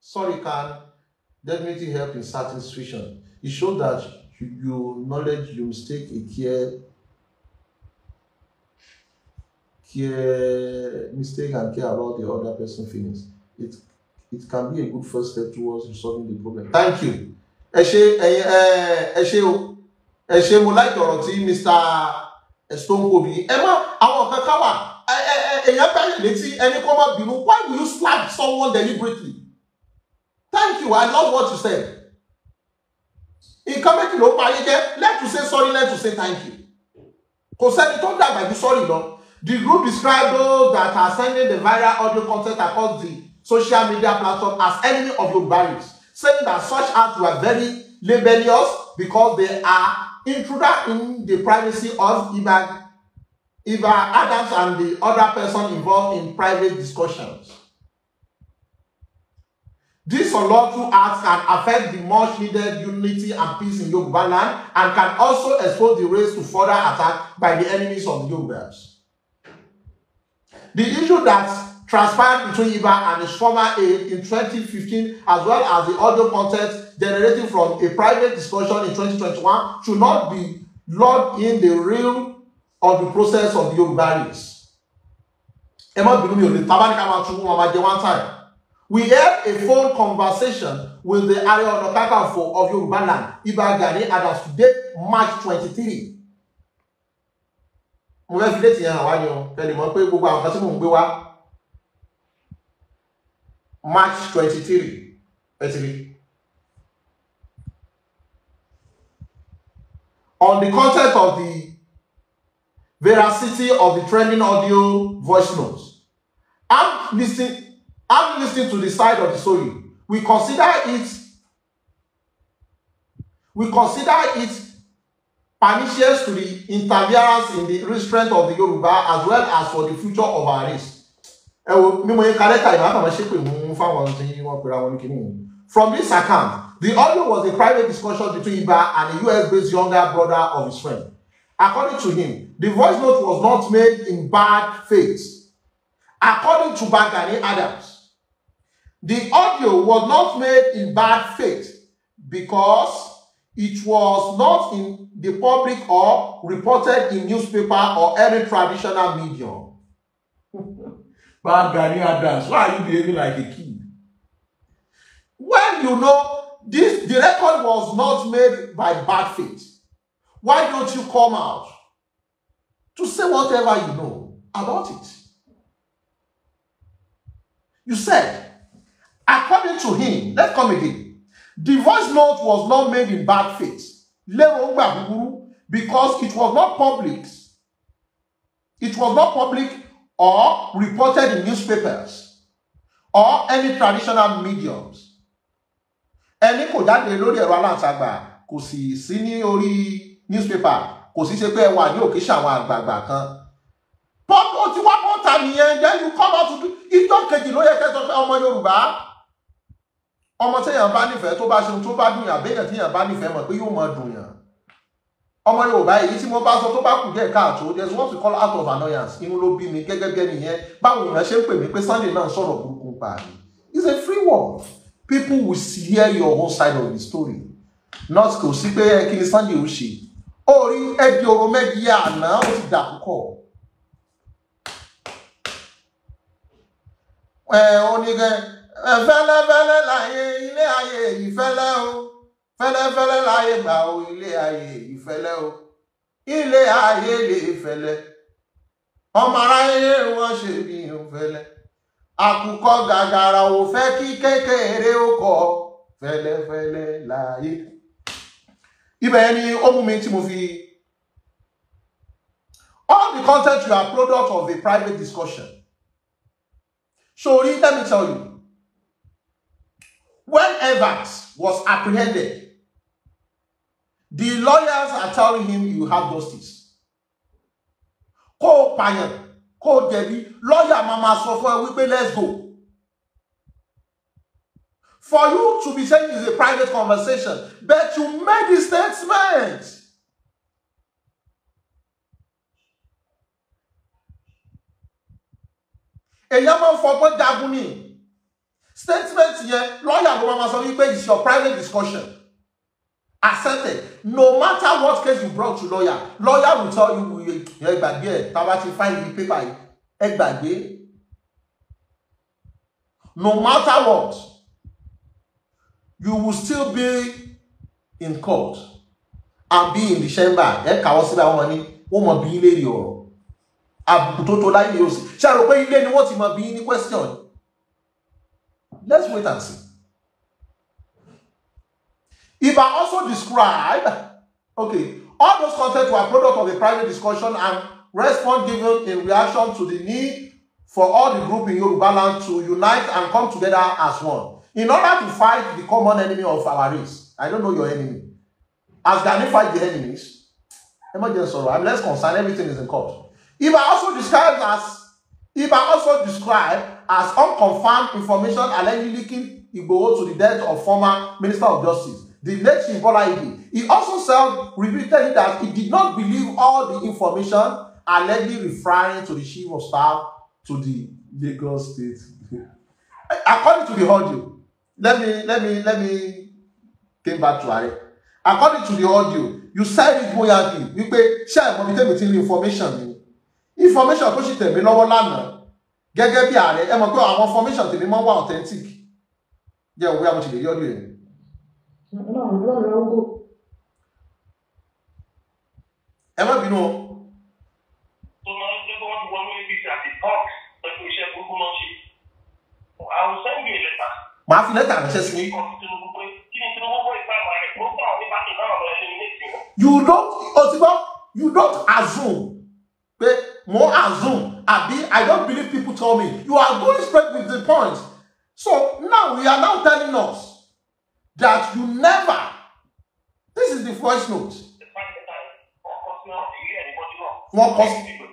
Sorry, can me help in certain situations. It shows that you, you knowledge, you mistake a care, care mistake and care about the other person' feelings. It it can be a good first step towards resolving the problem. Thank you ẹ ṣe ẹyin ẹ ẹ ṣe o ẹ ṣe mo láì tọrọ tí Mr Stone Cold yìí ẹ má àwọn kan ká wà ẹ ẹ èèyàn bẹ̀rẹ̀ létí ẹni kọ́ máa bínú why will you slap someone deliberately thank you I love what you said nǹkan méjì ló ń parí jẹ́ let you say sorry let you say thank you kò sẹ́ni tó dàgbà ju sorry lọ the group described those that are sending the viral audio content across the social media platform as enemy of Yoruba youth saying that such acts were very libelous because they are intruder in the privacy of either, either Adams and the other person involved in private discussions. These unlawful acts can affect the much needed unity and peace in Yoruba land and can also expose the race to further attack by the enemies of the Yorubas. The issue that transpired between Iba and his former aide in 2015, as well as the audio content generated from a private discussion in 2021, should not be logged in the realm of the process of the Yoruba We had a phone conversation with the Ààrẹ Ọ̀nà Kakanfò of Yoruba land, Iba Gani Adams today, March 23. Mo fẹ́ fi létí yẹn àwọn àyàn, kẹ́lẹ́ mọ̀ pé gbogbo àwọn kan tí mò ń gbé wá March 23 23 on the content of the veracity of the trending audio voice notes. I'm listening, I'm listening to the side of the story. We consider it we consider it pernicious to the interference in the restraint of the Yoruba as well as for the future of our race ẹ wo mímọ yín kárẹ́tà ìmọ̀ àkàmọ́ ṣépè mú fáwọn tí wọ́n pera wọn ní kíní from this account the audio was a private discussion between Iba and a US-based younger brother of his friend according to him the voice note was not made in bad faith according to Bagani Adams the audio was not made in bad faith because it was not in the public or reported in newspaper or any traditional medium. Bad guy, Adams, why are you behaving like a king? When you know this, the record was not made by bad faith. Why don't you come out to say whatever you know about it? You said, according to him, let's come again. The voice note was not made in bad faith because it was not public. It was not public or reported in newspapers or any traditional mediums ẹni kò jáde lórí ẹ̀rọ aláǹtagbà kò sì sí ní orí newspaper kò sì ṣe pé ẹ wà ní òkèṣà àwọn àgbààgbà kan pọ́ńtò tí wọ́n pọ́n ta nìyẹn then you come out to ìjọ kejì ló yẹ kẹsàn pé ọmọ Yorùbá ọmọ téèyàn bá nífẹ̀ẹ́ tó bá ṣeun tó bá dùn yàn béèyàn téèyàn bá nífẹ̀ẹ́ mọ̀ pé yóò mọ dùn ọmọ yorùbá èyí tí mo bá sọ tó bá kù díẹ̀ káàtó there is what we call out of annoyance inú ló bí mi gẹ́gẹ́ bí ẹni yẹn báwo èèyàn ṣe ń pè mí pé Sunday náà sọ̀rọ̀ burúkú pa mi it's a free world people will hear your whole side of the story not kò sí pé ẹ kí ni Sunday ó ṣe orí ẹbí oró mẹ́bí àná ó ti dà púpọ̀ ẹ oníkẹ fẹ́lẹ́fẹ́lẹ́ láyé ilé ayé ìfẹ́lẹ́ o fẹ́lẹ́fẹ́lẹ́ láyé gbà o ilé ayé ìfẹ́lẹ́ o ilé ayé lè fẹ́lẹ́ ọmọ aráyé wọn ṣe bí ìfẹ́lẹ́ àkùkọ gàgàrà ò fẹ́ kí kékeré ó kọ fẹ́lẹ́fẹ́lẹ́ láyé. ibẹ̀ ni ó mú mi tí mo fi all the content you are product of a private discussion so let me tell you when Evans was apprehended the lawyers are telling him you have justice Call o call Debbie, lawyer, Mama lọ́ọ̀yà We pay sọ fún let's go for you to be saying it's a private conversation but you made the statement. A young man fọgbọ́n jagun ni statement here, lawyer, Mama máa We pay wípé it's your private discussion accepted no matter what case you brought to lawyer lawyer will tell you you gbàgbé ẹ tá a bá ti file the paper yìí ẹ no matter what you will still be in court and be in the chamber ẹ kàwọ́ síbẹ̀ àwọn ni wọ́n mọ̀ bí ilé rí ọ̀rọ̀ àbùtótó láyé yóò sì ṣàrò pé ilé ni wọ́n ti mọ̀ bí ní question let's wait and see. If I also describe, okay, all those contents were product of a private discussion and response given in reaction to the need for all the group in Yoruba land to unite and come together as one. In order to fight the common enemy of our race, I don't know your enemy. As Ghanaian fight the enemies, I'm less concerned, everything is in court. If I also describe as if I also describe as unconfirmed information allegedly leaking Igboho to the death of former Minister of Justice the late Shimbola Ige. He also said repeatedly that he did not believe all the information allegedly referring to the chief of staff to the Lagos state. According to the audio, let me let me let me came back to Ààrẹ. According to the audio, you said it bóyá bí You ṣé àìmọ̀ mi tẹ̀mí ti ní information ni. Information tó ṣì tẹ̀mí lọ́wọ́ lánàá gẹ́gẹ́ bí ààrẹ ẹ mọ̀ pé àwọn information tèmi máa ń wà authentic. Jẹ́ òwe àmọ̀ṣẹ̀lẹ̀ yọ́dún yẹn ọlọ́run ọlọ́run ọgọ́ ẹ má bínú ọ. tó máa ń jẹ́ kó wọ́n ti wọnú apc àti box pẹ̀lú iṣẹ́ burúkú náà ṣe àwọn sẹ́yìn ìlẹ̀ ta. màá fi lẹ́tà ránṣẹ́ sí i. you don't otigbọ you don't assume pé mo assume àbí i don't believe people tell me you are going straight with the point so now you are now telling us that you never this is the first note. wọ́n kọ́ sí. wọ́n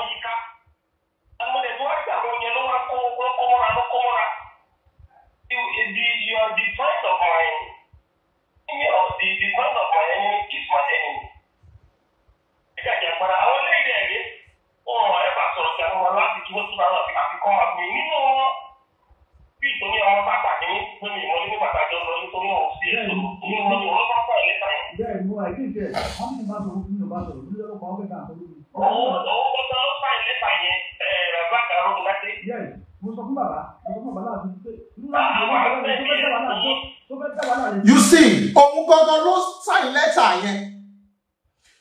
the you are the friend of my enemy. of the the friend of my enemy is my enemy. Ẹ̀ka ìjàpára àwọn eléyìí ẹ̀rí ohun ọ̀rẹ́ bá sọ̀rọ̀ sí àwọn aláàbí tí wọ́n tún náà fi àfikún àgbè nínú wọn. Bí ìtòní àwọn pápá ní lórí ìmọ̀lé ní pàtàkì ọ̀sán nítorí ọ̀hún sí èso nínú wọn ni wọ́n bá pọ̀ ẹ̀ lẹ́ta yẹn. Bẹ́ẹ̀ ni wọ́n àìsí ìjẹ́ you see òun gangan ló sign letter yẹn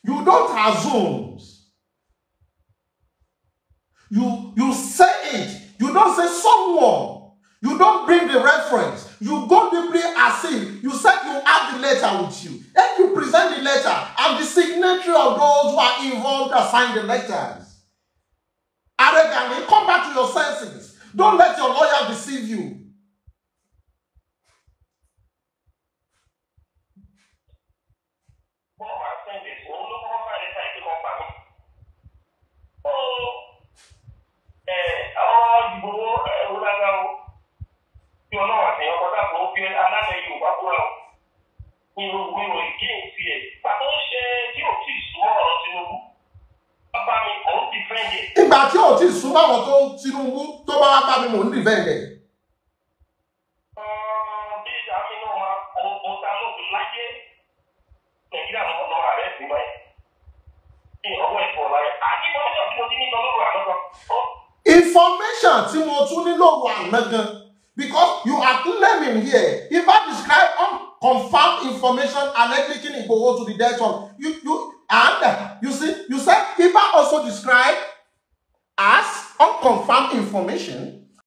you don't assume you you say it you don't say someone you don't bring the reference you go deeply as if you said you have the letter with you then you present the letter and the signature of those who are involved to sign the letters arrogantly come back to your senses don't let your lawyer deceive you gbowó ẹ̀rọ lára o tí ọlọ́wọ́ àti ọkọ dàpọ̀ ó fi aláṣẹ Yorùbá búra o nínú wíwọ ìkíyèsí ẹ̀ pàtó ń ṣe tí ò tí ì súnmọ́ ọ̀rọ̀ Tinubu bàbá mi kò ń dìfẹ́ǹdẹ̀. ìgbà tí ò tí ì súnmọ́ ọ̀rọ̀ tó Tinubu tó bá wá bá mi mò ń dìfẹ́ǹdẹ̀. bí àmì náà information tí mo tún nílò wà nàgàn because you are claiming here if I describe unconfirmed information allegedly King Igboho to the death of you you and you see you say, if I also describe as unconfirmed information